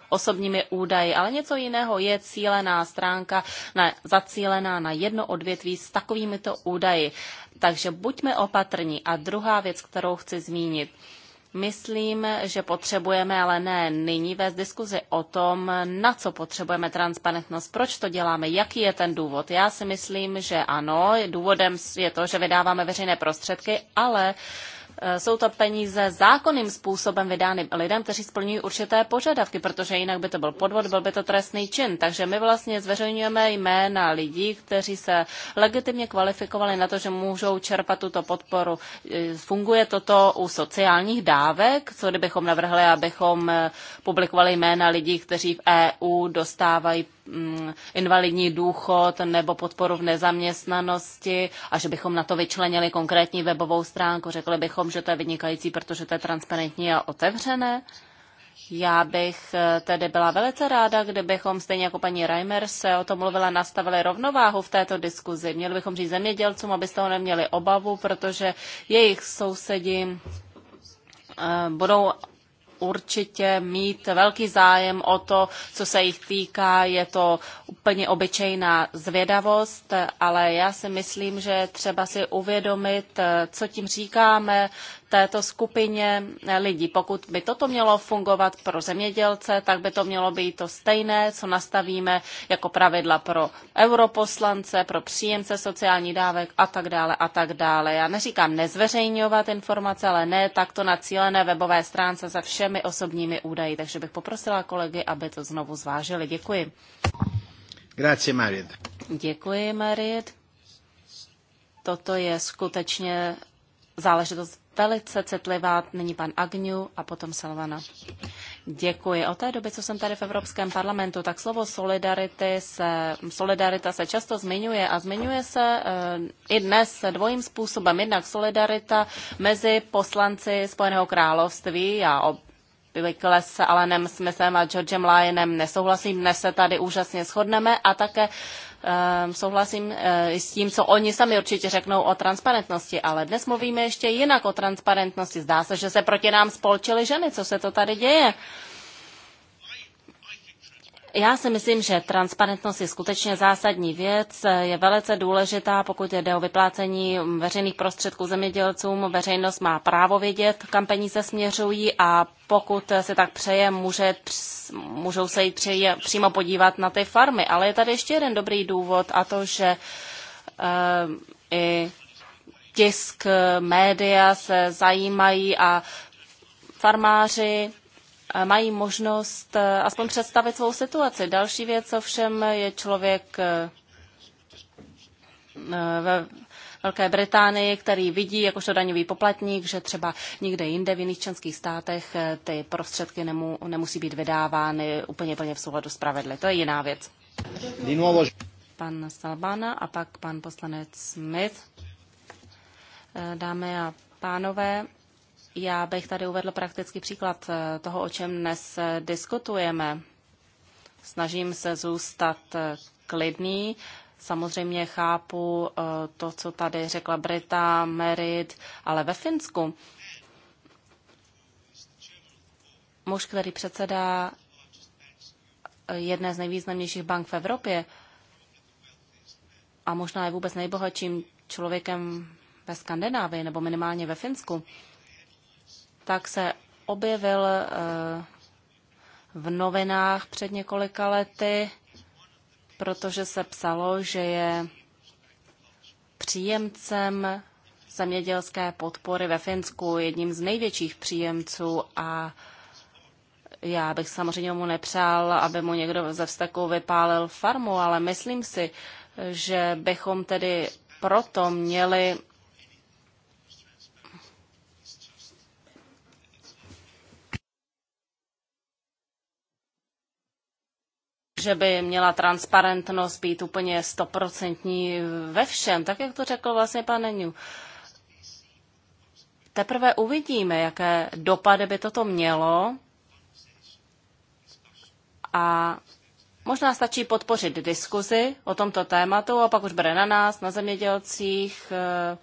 osobními údaji, ale něco jiného je cílená stránka na, zacílená na jedno odvětví s takovýmito údaji. Takže buďme opatrní. A druhá věc, kterou chci zmínit. Myslím, že potřebujeme, ale ne nyní, vést diskuzi o tom, na co potřebujeme transparentnost, proč to děláme, jaký je ten důvod. Já si myslím, že ano, důvodem je to, že vydáváme veřejné prostředky, ale uh, Eh, jsou to peníze zákonným způsobem vydány lidem, kteří splňují určité požadavky, protože jinak by to byl podvod, byl by to trestný čin. Takže my vlastně zveřejňujeme jména lidí, kteří se legitimně kvalifikovali na to, že můžou čerpat tuto podporu. Eh, funguje toto u sociálních dávek, co kdybychom navrhli, abychom eh, publikovali jména lidí, kteří v EU dostávají Mm, invalidní důchod nebo podporu v nezaměstnanosti a že bychom na to vyčlenili konkrétní webovou stránku. Řekli bychom, že to je vynikající, protože to je transparentní a otevřené. Já bych eh, tedy byla velice ráda, kdybychom stejně jako paní Reimer se o tom mluvila, nastavili rovnováhu v této diskuzi. Měli bychom říct zemědělcům, aby z toho neměli obavu, protože jejich sousedi eh, budou určitě mít velký zájem o to, co se jich týká. Je to úplně obyčejná zvědavost, ale já si myslím, že třeba si uvědomit, co tím říkáme, této skupině eh, lidí. Pokud by toto mělo fungovat pro zemědělce, tak by to mělo být to stejné, co nastavíme jako pravidla pro europoslance, pro příjemce sociální dávek a tak dále a tak dále. Já neříkám nezveřejňovat informace, ale ne takto na cílené webové stránce se všemi osobními údaji. Takže bych poprosila kolegy, aby to znovu zvážili. Děkuji. Grazie, Marit. Děkuji, Marit. Toto je skutečně záležitost velice citlivá. není pan Agňu a potom Salvana. Děkuji. O té doby, co jsem tady v Evropském parlamentu, tak slovo solidarity se, solidarita se často zmiňuje a zmiňuje se eh, i dnes dvojím způsobem. Jednak solidarita mezi poslanci Spojeného království. a ob- obvykle s Alanem Smithem a Georgem Lyonem nesouhlasím. Dnes se tady úžasně shodneme a také Ehm, souhlasím eh, s tím, co oni sami určitě řeknou o transparentnosti, ale dnes mluvíme ještě jinak o transparentnosti. Zdá se, že se proti nám spolčily ženy, co se to tady děje. Já si myslím, že transparentnost je skutečně zásadní věc, je velice důležitá, pokud jde o vyplácení veřejných prostředků zemědělcům. Veřejnost má právo vědět, kam peníze směřují a pokud se tak přeje, může, můžou se jít přeje, přímo podívat na ty farmy. Ale je tady ještě jeden dobrý důvod a to, že e, i tisk, eh, média se zajímají a farmáři mají možnost eh, aspoň představit svou situaci. Další věc ovšem je člověk eh, eh, ve Velké Británii, který vidí jakožto daňový poplatník, že třeba nikde jinde v jiných členských státech ty prostředky nemu, nemusí být vydávány úplně plně v souladu s pravidly. To je jiná věc. Pan Salbana a pak pan poslanec Smith. Dámy a pánové, já bych tady uvedl praktický příklad eh, toho, o čem dnes eh, diskutujeme. Snažím se zůstat eh, klidný. Samozřejmě chápu to, co tady řekla Brita, Merit, ale ve Finsku muž, který předsedá jedné z nejvýznamnějších bank v Evropě a možná je vůbec nejbohatším člověkem ve Skandinávii nebo minimálně ve Finsku, tak se objevil eh, v novinách před několika lety, protože se psalo, že je příjemcem zemědělské podpory ve Finsku, jedním z největších příjemců a já bych samozřejmě mu nepřál, aby mu někdo ze vztaku vypálil farmu, ale myslím si, že bychom tedy proto měli že by měla transparentnost být úplně stoprocentní ve všem, tak jak to řekl vlastně pan Neniu. Teprve uvidíme, jaké dopady by toto mělo a možná stačí podpořit diskuzi o tomto tématu a pak už bude na nás, na zemědělcích, eh,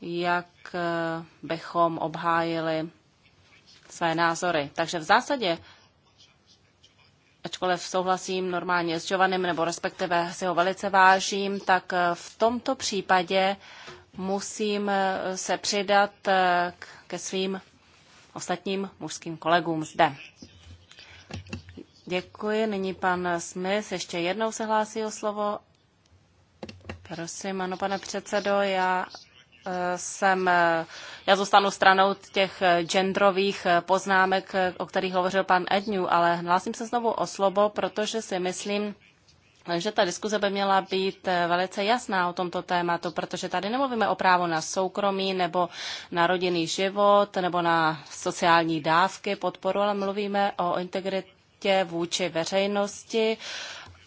jak eh, bychom obhájili své názory. Takže v zásadě ačkoliv souhlasím normálně s Jovanem, nebo respektive si ho velice vážím, tak eh, v tomto případě musím eh, se přidat eh, ke svým ostatním mužským kolegům zde. Děkuji. Nyní pan Smith ještě jednou se hlásí o slovo. Prosím, ano, pane předsedo, já jsem, eh, já zůstanu stranou těch eh, genderových eh, poznámek, o kterých hovořil pan Edňu, ale hlásím se znovu o slovo, protože si myslím, že ta diskuze by měla být velice jasná o tomto tématu, protože tady nemluvíme o právo na soukromí nebo na rodinný život nebo na sociální dávky, podporu, ale mluvíme o integritě vůči veřejnosti,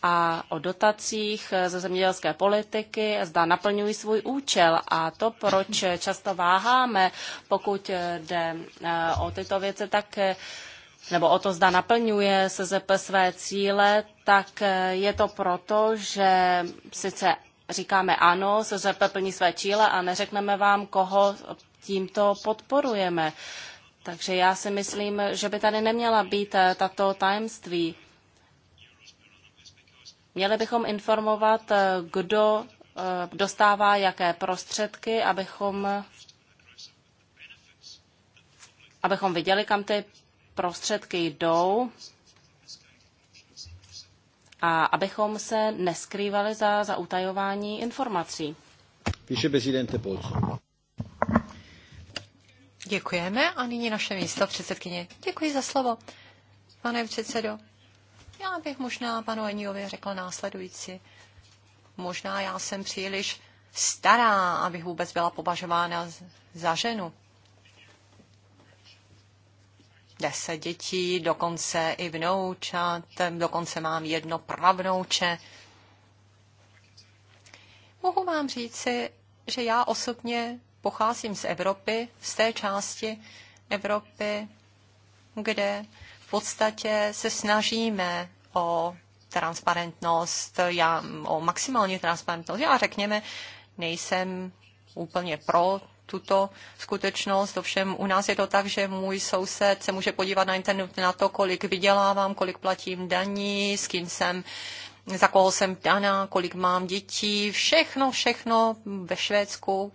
a o dotacích ze zemědělské politiky, zda naplňují svůj účel. A to, proč často váháme, pokud jde e, o tyto věci, tak e, nebo o to, zda naplňuje SZP své cíle, tak e, je to proto, že sice říkáme ano, SZP plní své cíle a neřekneme vám, koho tímto podporujeme. Takže já si myslím, že by tady neměla být tato tajemství. Měli bychom informovat, eh, kdo eh, dostává jaké prostředky, abychom, abychom viděli, kam ty prostředky jdou a abychom se neskrývali za, za utajování informací. Viceprezidente Polco. Děkujeme a nyní naše místo předsedkyně. Děkuji za slovo. Pane předsedo, já bych možná panu Eniovi řekla následující. Možná já jsem příliš stará, abych vůbec byla považována za ženu. Deset dětí, dokonce i vnoučat, dokonce mám jedno pravnouče. Mohu vám říci, že já osobně pocházím z Evropy, z té části Evropy, kde podstatě se snažíme o transparentnost, já o maximální transparentnost. Já řekněme, nejsem úplně pro tuto skutečnost. Ovšem u nás je to tak, že můj soused se může podívat na internet na to, kolik vydělávám, kolik platím daní, s kým jsem za koho jsem daná, kolik mám dětí, všechno, všechno ve Švédsku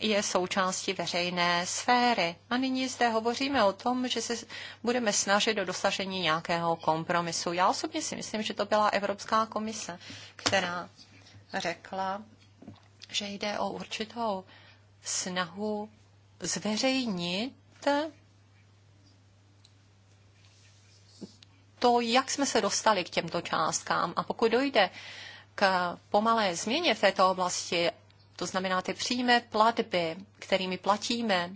je součástí veřejné sféry. A nyní zde hovoříme o tom, že se budeme snažit do dosažení nějakého kompromisu. Já osobně si myslím, že to byla Evropská komise, která řekla, že jde o určitou snahu zveřejnit to, jak jsme se dostali k těmto částkám. A pokud dojde k pomalé změně v této oblasti to znamená ty přímé platby, kterými platíme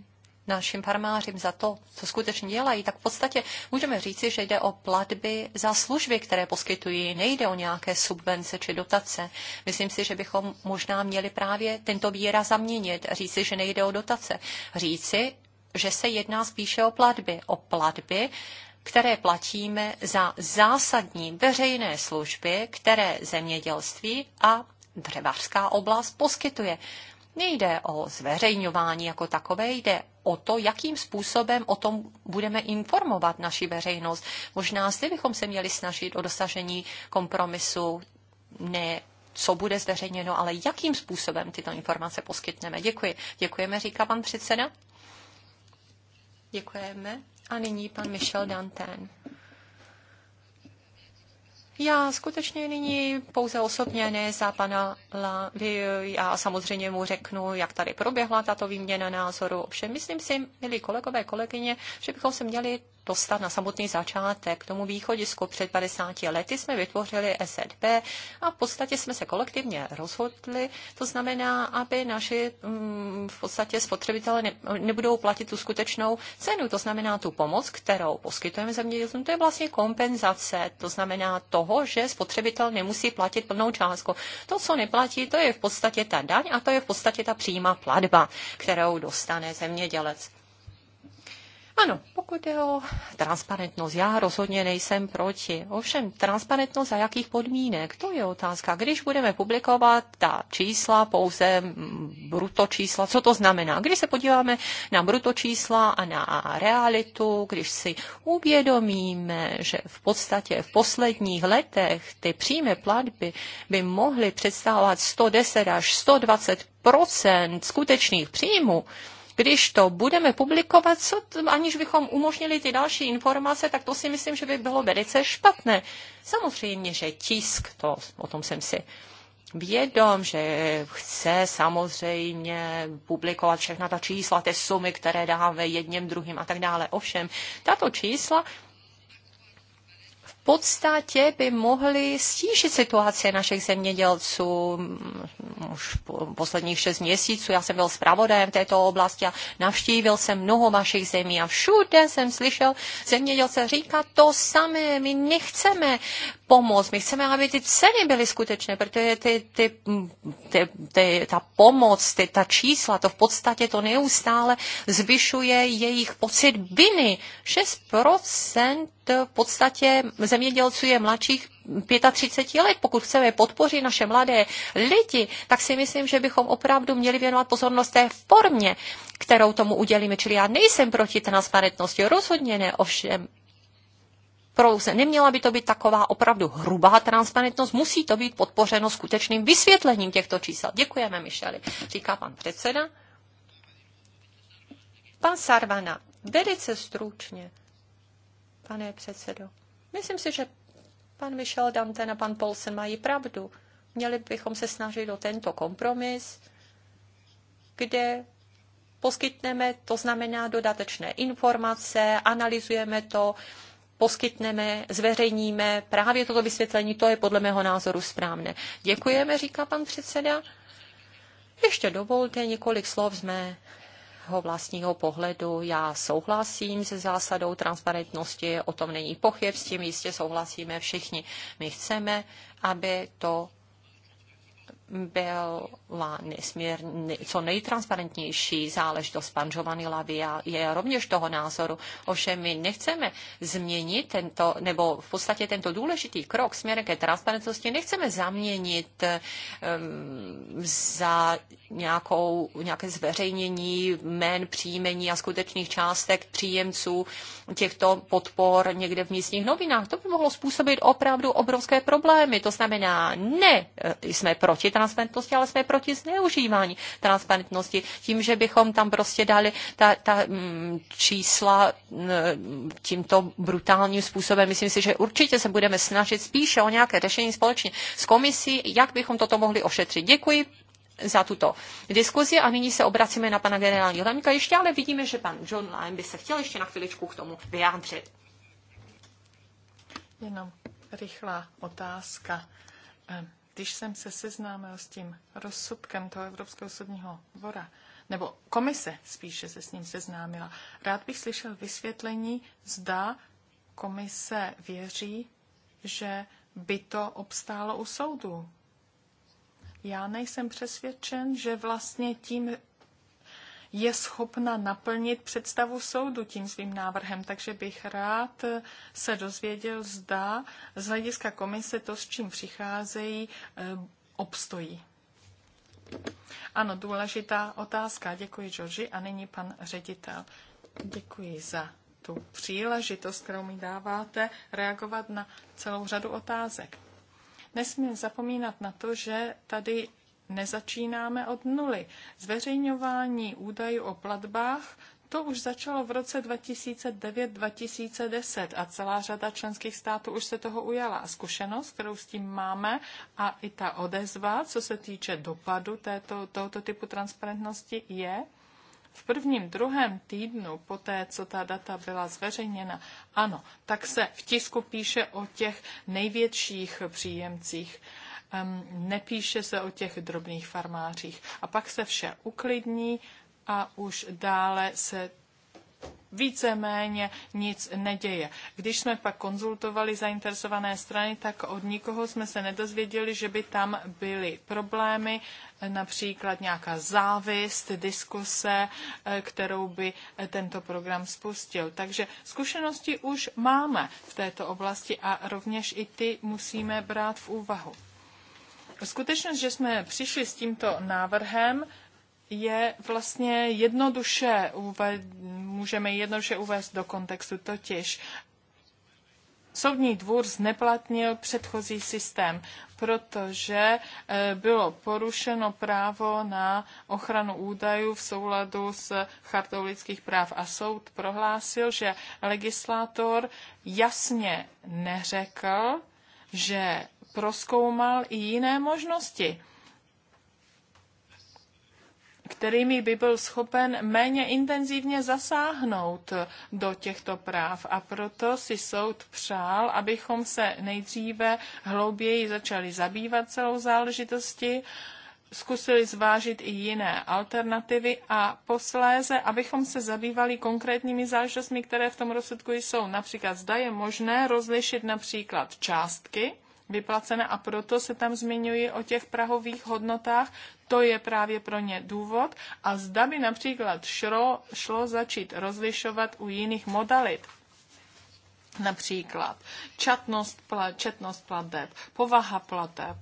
našim farmářím za to, co skutečně dělají, tak v podstatě můžeme říci, že jde o platby za služby, které poskytují, nejde o nějaké subvence či dotace. Myslím si, že bychom možná měli právě tento výraz zaměnit, říci, že nejde o dotace, říci, že se jedná spíše o platby, o platby, které platíme za zásadní veřejné služby, které zemědělství a dřevařská oblast poskytuje. Nejde o zveřejňování jako takové, jde o to, jakým způsobem o tom budeme informovat naši veřejnost. Možná zde bychom se měli snažit o dosažení kompromisu, ne co bude zveřejněno, ale jakým způsobem tyto informace poskytneme. Děkuji. Děkujeme, říká pan předseda. Děkujeme. A nyní pan Michel Dantén. Já skutečně nyní pouze osobně, ne za pana Lavy, já samozřejmě mu řeknu, jak tady proběhla tato výměna názoru. Ovšem, myslím si, milí kolegové, kolegyně, že bychom se měli dostat na samotný začátek, k tomu východisku. Před 50 lety jsme vytvořili SDP a v podstatě jsme se kolektivně rozhodli, to znamená, aby naši mm, v podstatě spotřebitelé nebudou platit tu skutečnou cenu, to znamená tu pomoc, kterou poskytujeme zemědělcům, to je vlastně kompenzace, to znamená toho, že spotřebitel nemusí platit plnou částku. To, co neplatí, to je v podstatě ta daň a to je v podstatě ta přímá platba, kterou dostane zemědělec. Ano, pokud je o transparentnost, já rozhodně nejsem proti. Ovšem, transparentnost za jakých podmínek, to je otázka. Když budeme publikovat ta čísla, pouze mm, bruto čísla, co to znamená? Když se podíváme na bruto čísla a na realitu, když si uvědomíme, že v podstatě v posledních letech ty přímé platby by mohly představovat 110 až 120 skutečných příjmů, když to budeme publikovat, co aniž bychom umožnili ty další informace, tak to si myslím, že by bylo velice špatné. Samozřejmě, že tisk, to, o tom jsem si vědom, že chce samozřejmě publikovat všechna ta čísla, ty sumy, které dáme jedním, druhým a tak dále. Ovšem, tato čísla podstatě by mohly stížit situace našich zemědělců už po posledních šest měsíců. Já jsem byl zpravodajem této oblasti a navštívil jsem mnoho vašich zemí a všude jsem slyšel zemědělce říkat to samé. My nechceme pomoc, my chceme, aby ty ceny byly skutečné, protože ty, ty, ty, ty, ta pomoc, ty, ta čísla, to v podstatě to neustále zvyšuje jejich pocit viny. 6% v podstatě zemědělců je mladších 35 let. Pokud chceme podpořit naše mladé lidi, tak si myslím, že bychom opravdu měli věnovat pozornost té formě, kterou tomu udělíme. Čili já nejsem proti transparentnosti, rozhodně ne, ovšem Neměla by to být taková opravdu hrubá transparentnost, musí to být podpořeno skutečným vysvětlením těchto čísel. Děkujeme, Mišeli, říká pan předseda. Pan Sarvana, velice stručně, pane předsedo. Myslím si, že pan Michel Danten a pan Polsen mají pravdu. Měli bychom se snažit o tento kompromis, kde poskytneme, to znamená dodatečné informace, analyzujeme to, poskytneme, zveřejníme právě toto vysvětlení, to je podle mého názoru správné. Děkujeme, říká pan předseda. Ještě dovolte několik slov z mé mého vlastního pohledu já souhlasím se zásadou transparentnosti, o tom není pochyb, s tím jistě souhlasíme všichni. My chceme, aby to byla nesmírně, co nejtransparentnější záležitost. Pan Giovanni Lavia je rovněž toho názoru. Ovšem my nechceme změnit tento, nebo v podstatě tento důležitý krok směrem ke transparentnosti nechceme zaměnit um, za nějakou, nějaké zveřejnění jmén, příjmení a skutečných částek příjemců těchto podpor někde v místních novinách. To by mohlo způsobit opravdu obrovské problémy. To znamená, ne e, jsme proti transparentnosti, ale jsme proti zneužívání transparentnosti. Tím, že bychom tam prostě dali ta, ta mm, čísla mm, tímto brutálním způsobem, myslím si, že určitě se budeme snažit spíše o nějaké řešení společně s komisí, jak bychom toto mohli ošetřit. Děkuji za tuto diskuzi a nyní se obracíme na pana generálního tajemníka ještě, ale vidíme, že pan John Lyme by se chtěl ještě na chviličku k tomu vyjádřit. Jenom rychlá otázka. Ehm, když jsem se seznámil s tím rozsudkem toho Evropského soudního dvora, nebo komise spíše se s ním seznámila, rád bych slyšel vysvětlení, zda komise věří, že by to obstálo u soudu. Já nejsem přesvědčen, že vlastně tím je schopna naplnit představu soudu tím svým návrhem, takže bych rád se dozvěděl, zda z hlediska komise to, s čím přicházejí, eh, obstojí. Ano, důležitá otázka. Děkuji, Georgi. A nyní pan ředitel. Děkuji za tu příležitost, kterou mi dáváte, reagovat na celou řadu otázek. Nesmím zapomínat na to, že tady nezačínáme od nuly. Zveřejňování údajů o platbách to už začalo v roce 2009-2010 a celá řada členských států už se toho ujala. A zkušenost, kterou s tím máme a i ta odezva, co se týče dopadu této, tohoto typu transparentnosti, je v prvním, druhém týdnu, po té, co ta data byla zveřejněna, ano, tak se v tisku píše o těch největších příjemcích nepíše se o těch drobných farmářích. A pak se vše uklidní a už dále se víceméně nic neděje. Když jsme pak konzultovali zainteresované strany, tak od nikoho jsme se nedozvěděli, že by tam byly problémy, například nějaká závist, diskuse, eh, kterou by eh, tento program spustil. Takže zkušenosti už máme v této oblasti a rovněž i ty musíme brát v úvahu. Skutečnost, že jsme přišli s tímto návrhem, je vlastně jednoduše, můžeme jednoduše uvést do kontextu totiž. Soudní dvůr zneplatnil předchozí systém, protože e, bylo porušeno právo na ochranu údajů v souladu s chartou lidských práv a soud prohlásil, že legislátor jasně neřekl, že proskoumal i jiné možnosti, kterými by byl schopen méně intenzivně zasáhnout do těchto práv. A proto si soud přál, abychom se nejdříve hlouběji začali zabývat celou záležitosti, zkusili zvážit i jiné alternativy a posléze, abychom se zabývali konkrétními záležitostmi, které v tom rozsudku jsou. Například zda je možné rozlišit například částky, vyplacené a proto se tam zmiňuji o těch prahových hodnotách. To je právě pro ně důvod a zda by například šlo, šlo začít rozlišovat u jiných modalit. Například četnost, pla, četnost plateb, povaha plateb,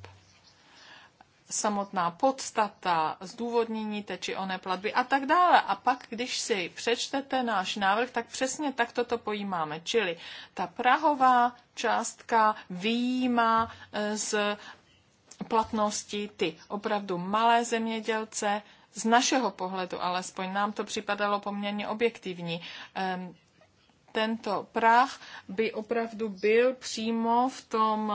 samotná podstata, zdůvodnění té či oné platby a tak dále. A pak, když si přečtete náš návrh, tak přesně takto to pojímáme. Čili ta prahová částka výjímá e, z platnosti ty opravdu malé zemědělce, z našeho pohledu alespoň nám to připadalo poměrně objektivní. Tento prach by opravdu byl přímo v tom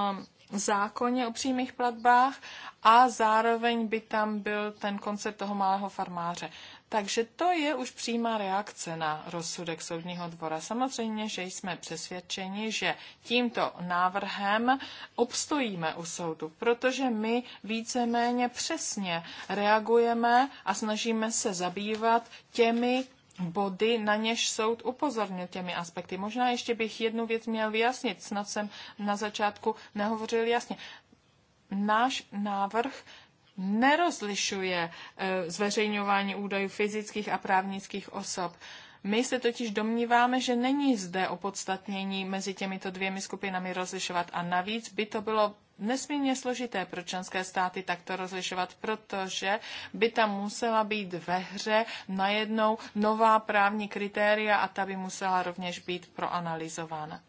zákoně o přímých platbách a zároveň by tam byl ten koncept toho malého farmáře. Takže to je už přímá reakce na rozsudek soudního dvora. Samozřejmě, že jsme přesvědčeni, že tímto návrhem obstojíme u soudu, protože my víceméně přesně reagujeme a snažíme se zabývat těmi body, na něž soud upozornil těmi aspekty. Možná ještě bych jednu věc měl vyjasnit, snad jsem na začátku nehovořil jasně. Náš návrh nerozlišuje eh, zveřejňování údajů fyzických a právnických osob. My se totiž domníváme, že není zde opodstatnění mezi těmito dvěmi skupinami rozlišovat a navíc by to bylo nesmírně složité pro členské státy takto rozlišovat, protože by tam musela být ve hře najednou nová právní kritéria a ta by musela rovněž být proanalizována.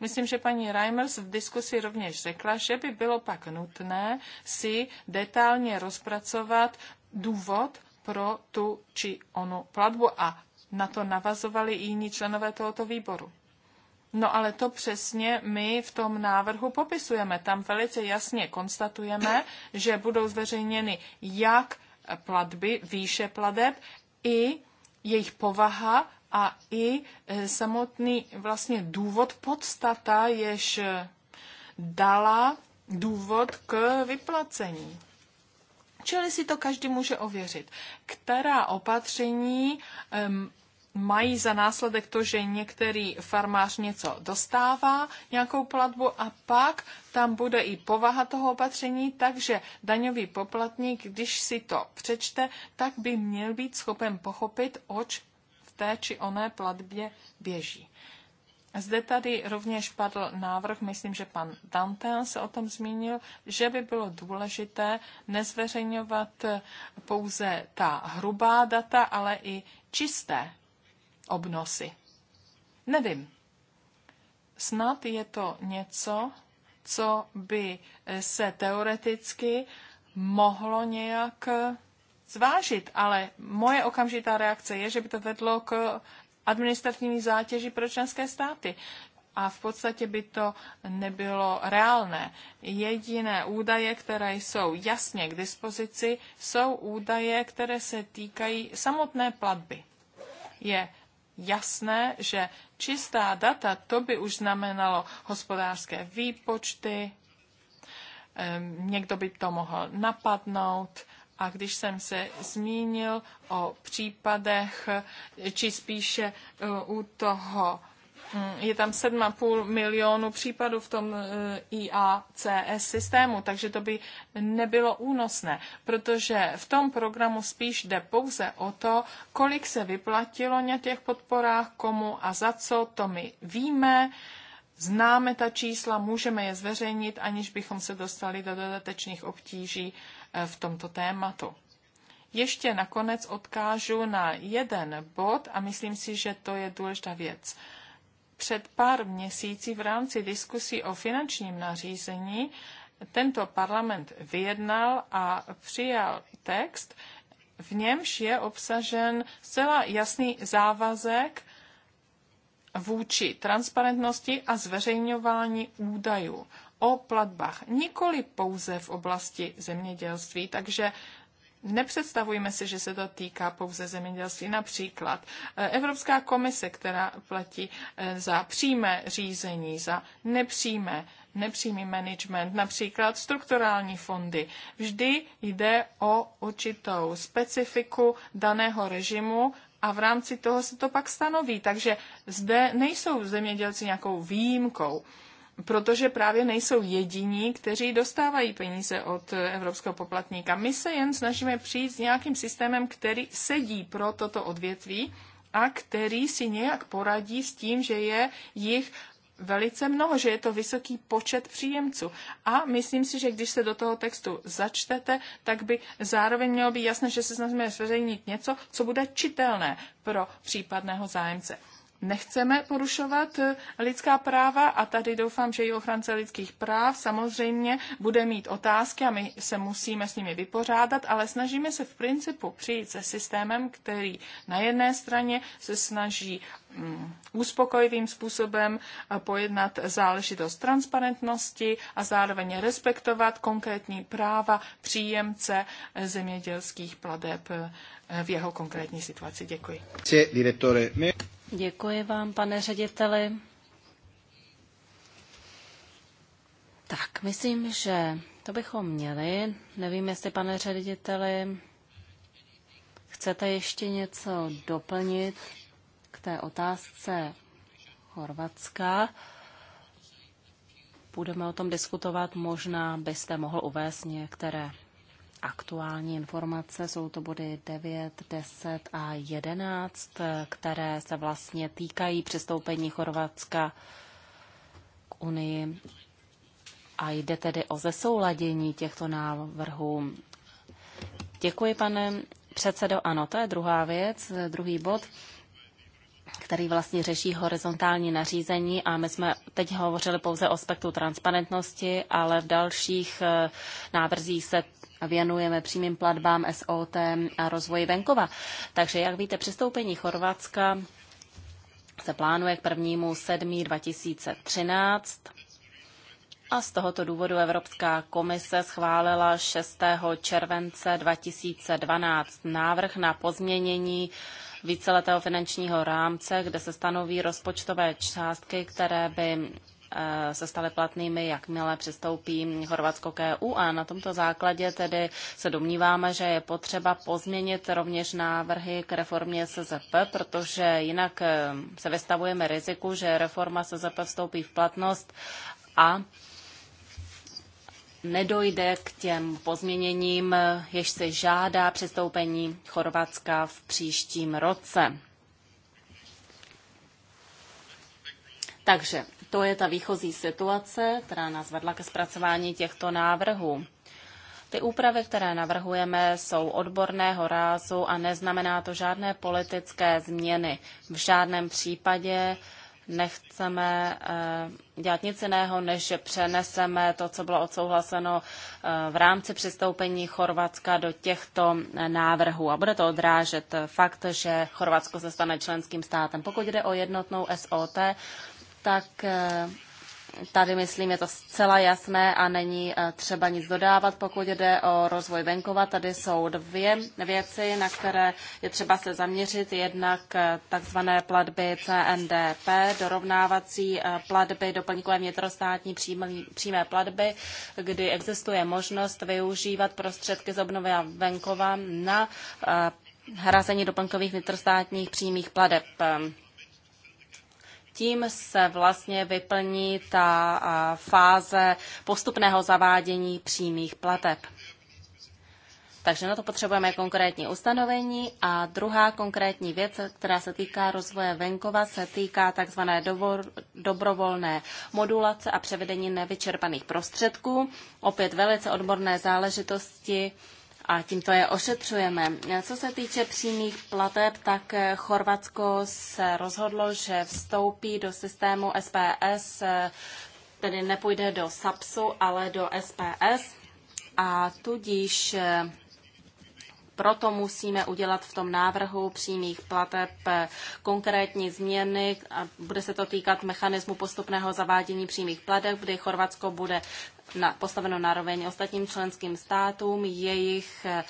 Myslím, že paní Reimers v diskusi rovněž řekla, že by bylo pak nutné si detailně rozpracovat důvod pro tu či onu platbu a na to navazovali i jiní členové tohoto výboru. No ale to přesně my v tom návrhu popisujeme. Tam velice jasně konstatujeme, že budou zveřejněny jak platby, výše plateb, i jejich povaha a i e, samotný vlastně důvod, podstata, jež dala důvod k vyplacení. Čili si to každý může ověřit, která opatření um, mají za následek to, že některý farmář něco dostává, nějakou platbu a pak tam bude i povaha toho opatření, takže daňový poplatník, když si to přečte, tak by měl být schopen pochopit, oč v té či oné platbě běží. Zde tady rovněž padl návrh, myslím, že pan Dantin se o tom zmínil, že by bylo důležité nezveřejňovat pouze ta hrubá data, ale i čisté obnosy. Nevím. Snad je to něco, co by se teoreticky mohlo nějak zvážit, ale moje okamžitá reakce je, že by to vedlo k administrativní zátěži pro členské státy a v podstatě by to nebylo reálné. Jediné údaje, které jsou jasně k dispozici, jsou údaje, které se týkají samotné platby. Je jasné, že čistá data, to by už znamenalo hospodářské výpočty, ehm, někdo by to mohl napadnout. A když jsem se zmínil o případech, či spíše eh, u toho Hm, je tam 7,5 milionu případů v tom eh, IACS systému, takže to by nebylo únosné, protože v tom programu spíš jde pouze o to, kolik se vyplatilo na těch podporách, komu a za co, to my víme. Známe ta čísla, můžeme je zveřejnit, aniž bychom se dostali do dodatečných obtíží eh, v tomto tématu. Ještě nakonec odkážu na jeden bod a myslím si, že to je důležitá věc před pár měsíci v rámci diskusí o finančním nařízení tento parlament vyjednal a přijal text, v němž je obsažen zcela jasný závazek vůči transparentnosti a zveřejňování údajů o platbách, nikoli pouze v oblasti zemědělství. Takže nepředstavujme si, že se to týká pouze zemědělství. Například eh, Evropská komise, která platí eh, za přímé řízení, za nepřímé nepřímý management, například strukturální fondy. Vždy jde o určitou specifiku daného režimu a v rámci toho se to pak stanoví. Takže zde nejsou zemědělci nějakou výjimkou protože právě nejsou jediní, kteří dostávají peníze od evropského poplatníka. My se jen snažíme přijít s nějakým systémem, který sedí pro toto odvětví a který si nějak poradí s tím, že je jich velice mnoho, že je to vysoký počet příjemců. A myslím si, že když se do toho textu začtete, tak by zároveň mělo být jasné, že se snažíme zveřejnit něco, co bude čitelné pro případného zájemce nechceme porušovat eh, lidská práva a tady doufám, že i ochránce lidských práv samozřejmě bude mít otázky a my se musíme s nimi vypořádat, ale snažíme se v principu přijít se systémem, který na jedné straně se snaží Mm, uspokojivým způsobem eh, pojednat záležitost transparentnosti a zároveň respektovat konkrétní práva příjemce zemědělských pladeb eh, v jeho konkrétní situaci. Děkuji. Děkuji vám, pane řediteli. Tak, myslím, že to bychom měli. Nevím, jestli, pane řediteli, chcete ještě něco doplnit té otázce Chorvatska. Budeme o tom diskutovat. Možná byste mohl uvést některé aktuální informace. Jsou to body 9, 10 a 11, které se vlastně týkají přistoupení Chorvatska k Unii. A jde tedy o zesouladění těchto návrhů. Děkuji, pane předsedo. Ano, to je druhá věc, druhý bod který vlastně řeší horizontální nařízení a my jsme teď hovořili pouze o aspektu transparentnosti, ale v dalších eh, návrzích se věnujeme přímým platbám SOT a rozvoji venkova. Takže jak víte, přistoupení Chorvatska se plánuje k 1. 7. 2013 a z tohoto důvodu Evropská komise schválila 6. července 2012 návrh na pozměnění víceletého finančního rámce, kde se stanoví rozpočtové částky, které by eh, se staly platnými, jakmile přistoupí Chorvatsko k EU a na tomto základě tedy se domníváme, že je potřeba pozměnit rovněž návrhy k reformě SZP, protože jinak eh, se vystavujeme riziku, že reforma SZP vstoupí v platnost a nedojde k těm pozměněním, jež se žádá přistoupení Chorvatska v příštím roce. Takže to je ta výchozí situace, která nás vedla ke zpracování těchto návrhů. Ty úpravy, které navrhujeme, jsou odborného rázu a neznamená to žádné politické změny. V žádném případě nechceme eh, dělat nic jiného, než že přeneseme to, co bylo odsouhlaseno eh, v rámci přistoupení Chorvatska do těchto návrhů. A bude to odrážet fakt, že Chorvatsko se stane členským státem. Pokud jde o jednotnou SOT, tak eh, Tady, myslím, je to zcela jasné a není eh, třeba nic dodávat, pokud jde o rozvoj venkova. Tady jsou dvě věci, na které je třeba se zaměřit. Jednak eh, takzvané platby CNDP, dorovnávací eh, platby, doplňkové vnitrostátní přímé platby, kdy existuje možnost využívat prostředky z obnovy venkova na hrazení doplňkových vnitrostátních přímých plateb tím se vlastně vyplní ta fáze postupného zavádění přímých plateb. Takže na to potřebujeme konkrétní ustanovení. A druhá konkrétní věc, která se týká rozvoje venkova, se týká takzvané dobrovolné modulace a převedení nevyčerpaných prostředků. Opět velice odborné záležitosti a tímto je ošetřujeme. Co se týče přímých plateb, tak eh, Chorvatsko se rozhodlo, že vstoupí do systému SPS, eh, tedy nepůjde do SAPSu, ale do SPS a tudíž eh, proto musíme udělat v tom návrhu přímých plateb konkrétní změny. A bude se to týkat mechanismu postupného zavádění přímých plateb, kdy Chorvatsko bude na, postaveno nároveň ostatním členským státům. Jejich eh,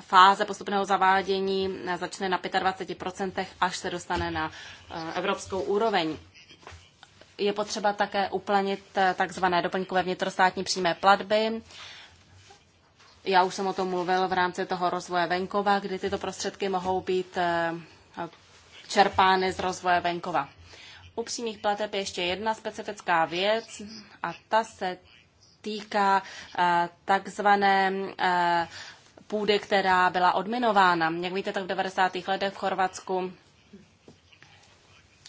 fáze postupného zavádění eh, začne na 25%, až se dostane na eh, evropskou úroveň. Je potřeba také uplanit takzvané doplňkové vnitrostátní přímé platby. Já už jsem o tom mluvil v rámci toho rozvoje venkova, kdy tyto prostředky mohou být čerpány z rozvoje venkova. U přímých plateb je ještě jedna specifická věc a ta se týká eh, takzvané eh, půdy, která byla odminována. Jak víte, tak v 90. letech v Chorvatsku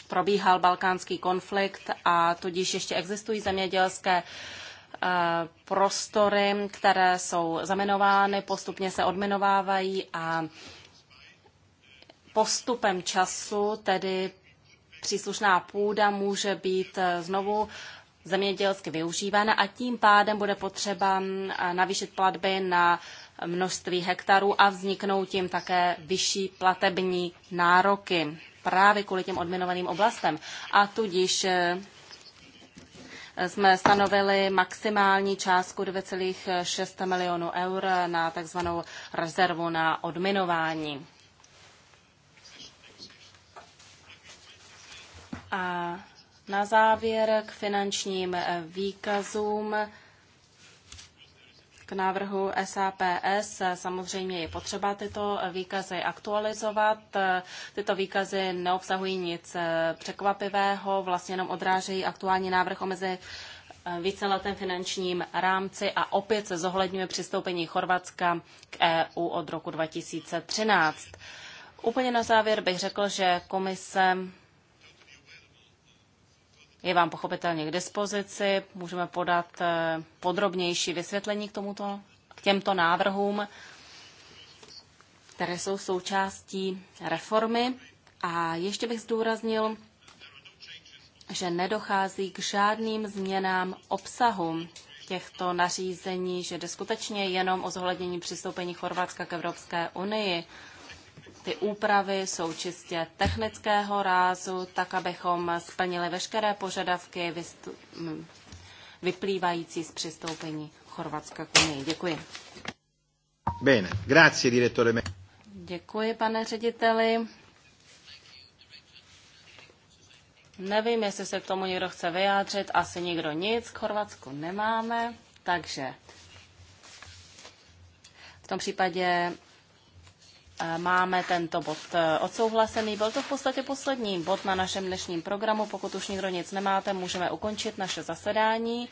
probíhal balkánský konflikt a tudíž ještě existují zemědělské eh, prostory, které jsou zaminovány, postupně se odminovávají a postupem času tedy příslušná půda může být eh, znovu zemědělsky využívána a tím pádem bude potřeba mm, eh, navýšit platby na množství hektarů a vzniknou tím také vyšší platební nároky právě kvůli těm odminovaným oblastem. A tudíž eh, jsme stanovili maximální částku 2,6 milionů eur na takzvanou rezervu na odminování. A na závěr k finančním eh, výkazům. K návrhu SAPS eh, samozřejmě je potřeba tyto eh, výkazy aktualizovat. Tyto výkazy neobsahují nic překvapivého, vlastně jenom odrážejí aktuální návrh o mezi víceletém finančním rámci a opět se zohledňuje přistoupení Chorvatska k EU od roku 2013. Úplně na závěr bych řekl, že komise je vám pochopitelně k dispozici. Můžeme podat eh, podrobnější vysvětlení k, tomuto, k těmto návrhům, které jsou součástí reformy. A ještě bych zdůraznil, že nedochází k žádným změnám obsahu těchto nařízení, že jde skutečně jenom o zohlednění přistoupení Chorvatska k Evropské unii ty úpravy jsou čistě technického rázu, tak abychom splnili veškeré požadavky mm, vyplývající z přistoupení Chorvatska k Unii. Děkuji. Bene, grazie, direttore. Děkuji, pane řediteli. Nevím, jestli se k tomu někdo chce vyjádřit, asi nikdo nic, k Chorvatsku nemáme, takže v tom případě Eh, máme tento bod eh, odsouhlasený. Byl to v podstatě poslední bod na našem dnešním programu. Pokud už nikdo nic nemáte, můžeme ukončit naše zasedání.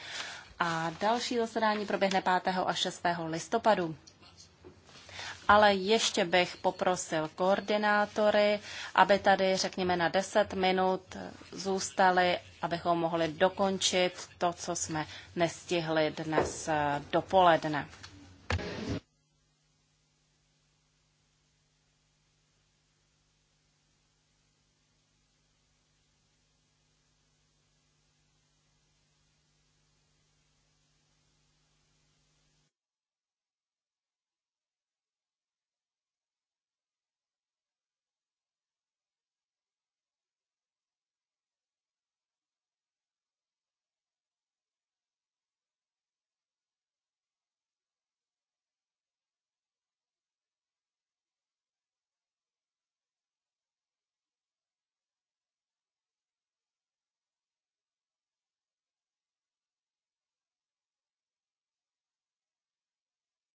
A další zasedání proběhne 5. a 6. listopadu. Ale ještě bych poprosil koordinátory, aby tady, řekněme, na 10 minut zůstali, abychom mohli dokončit to, co jsme nestihli dnes eh, dopoledne.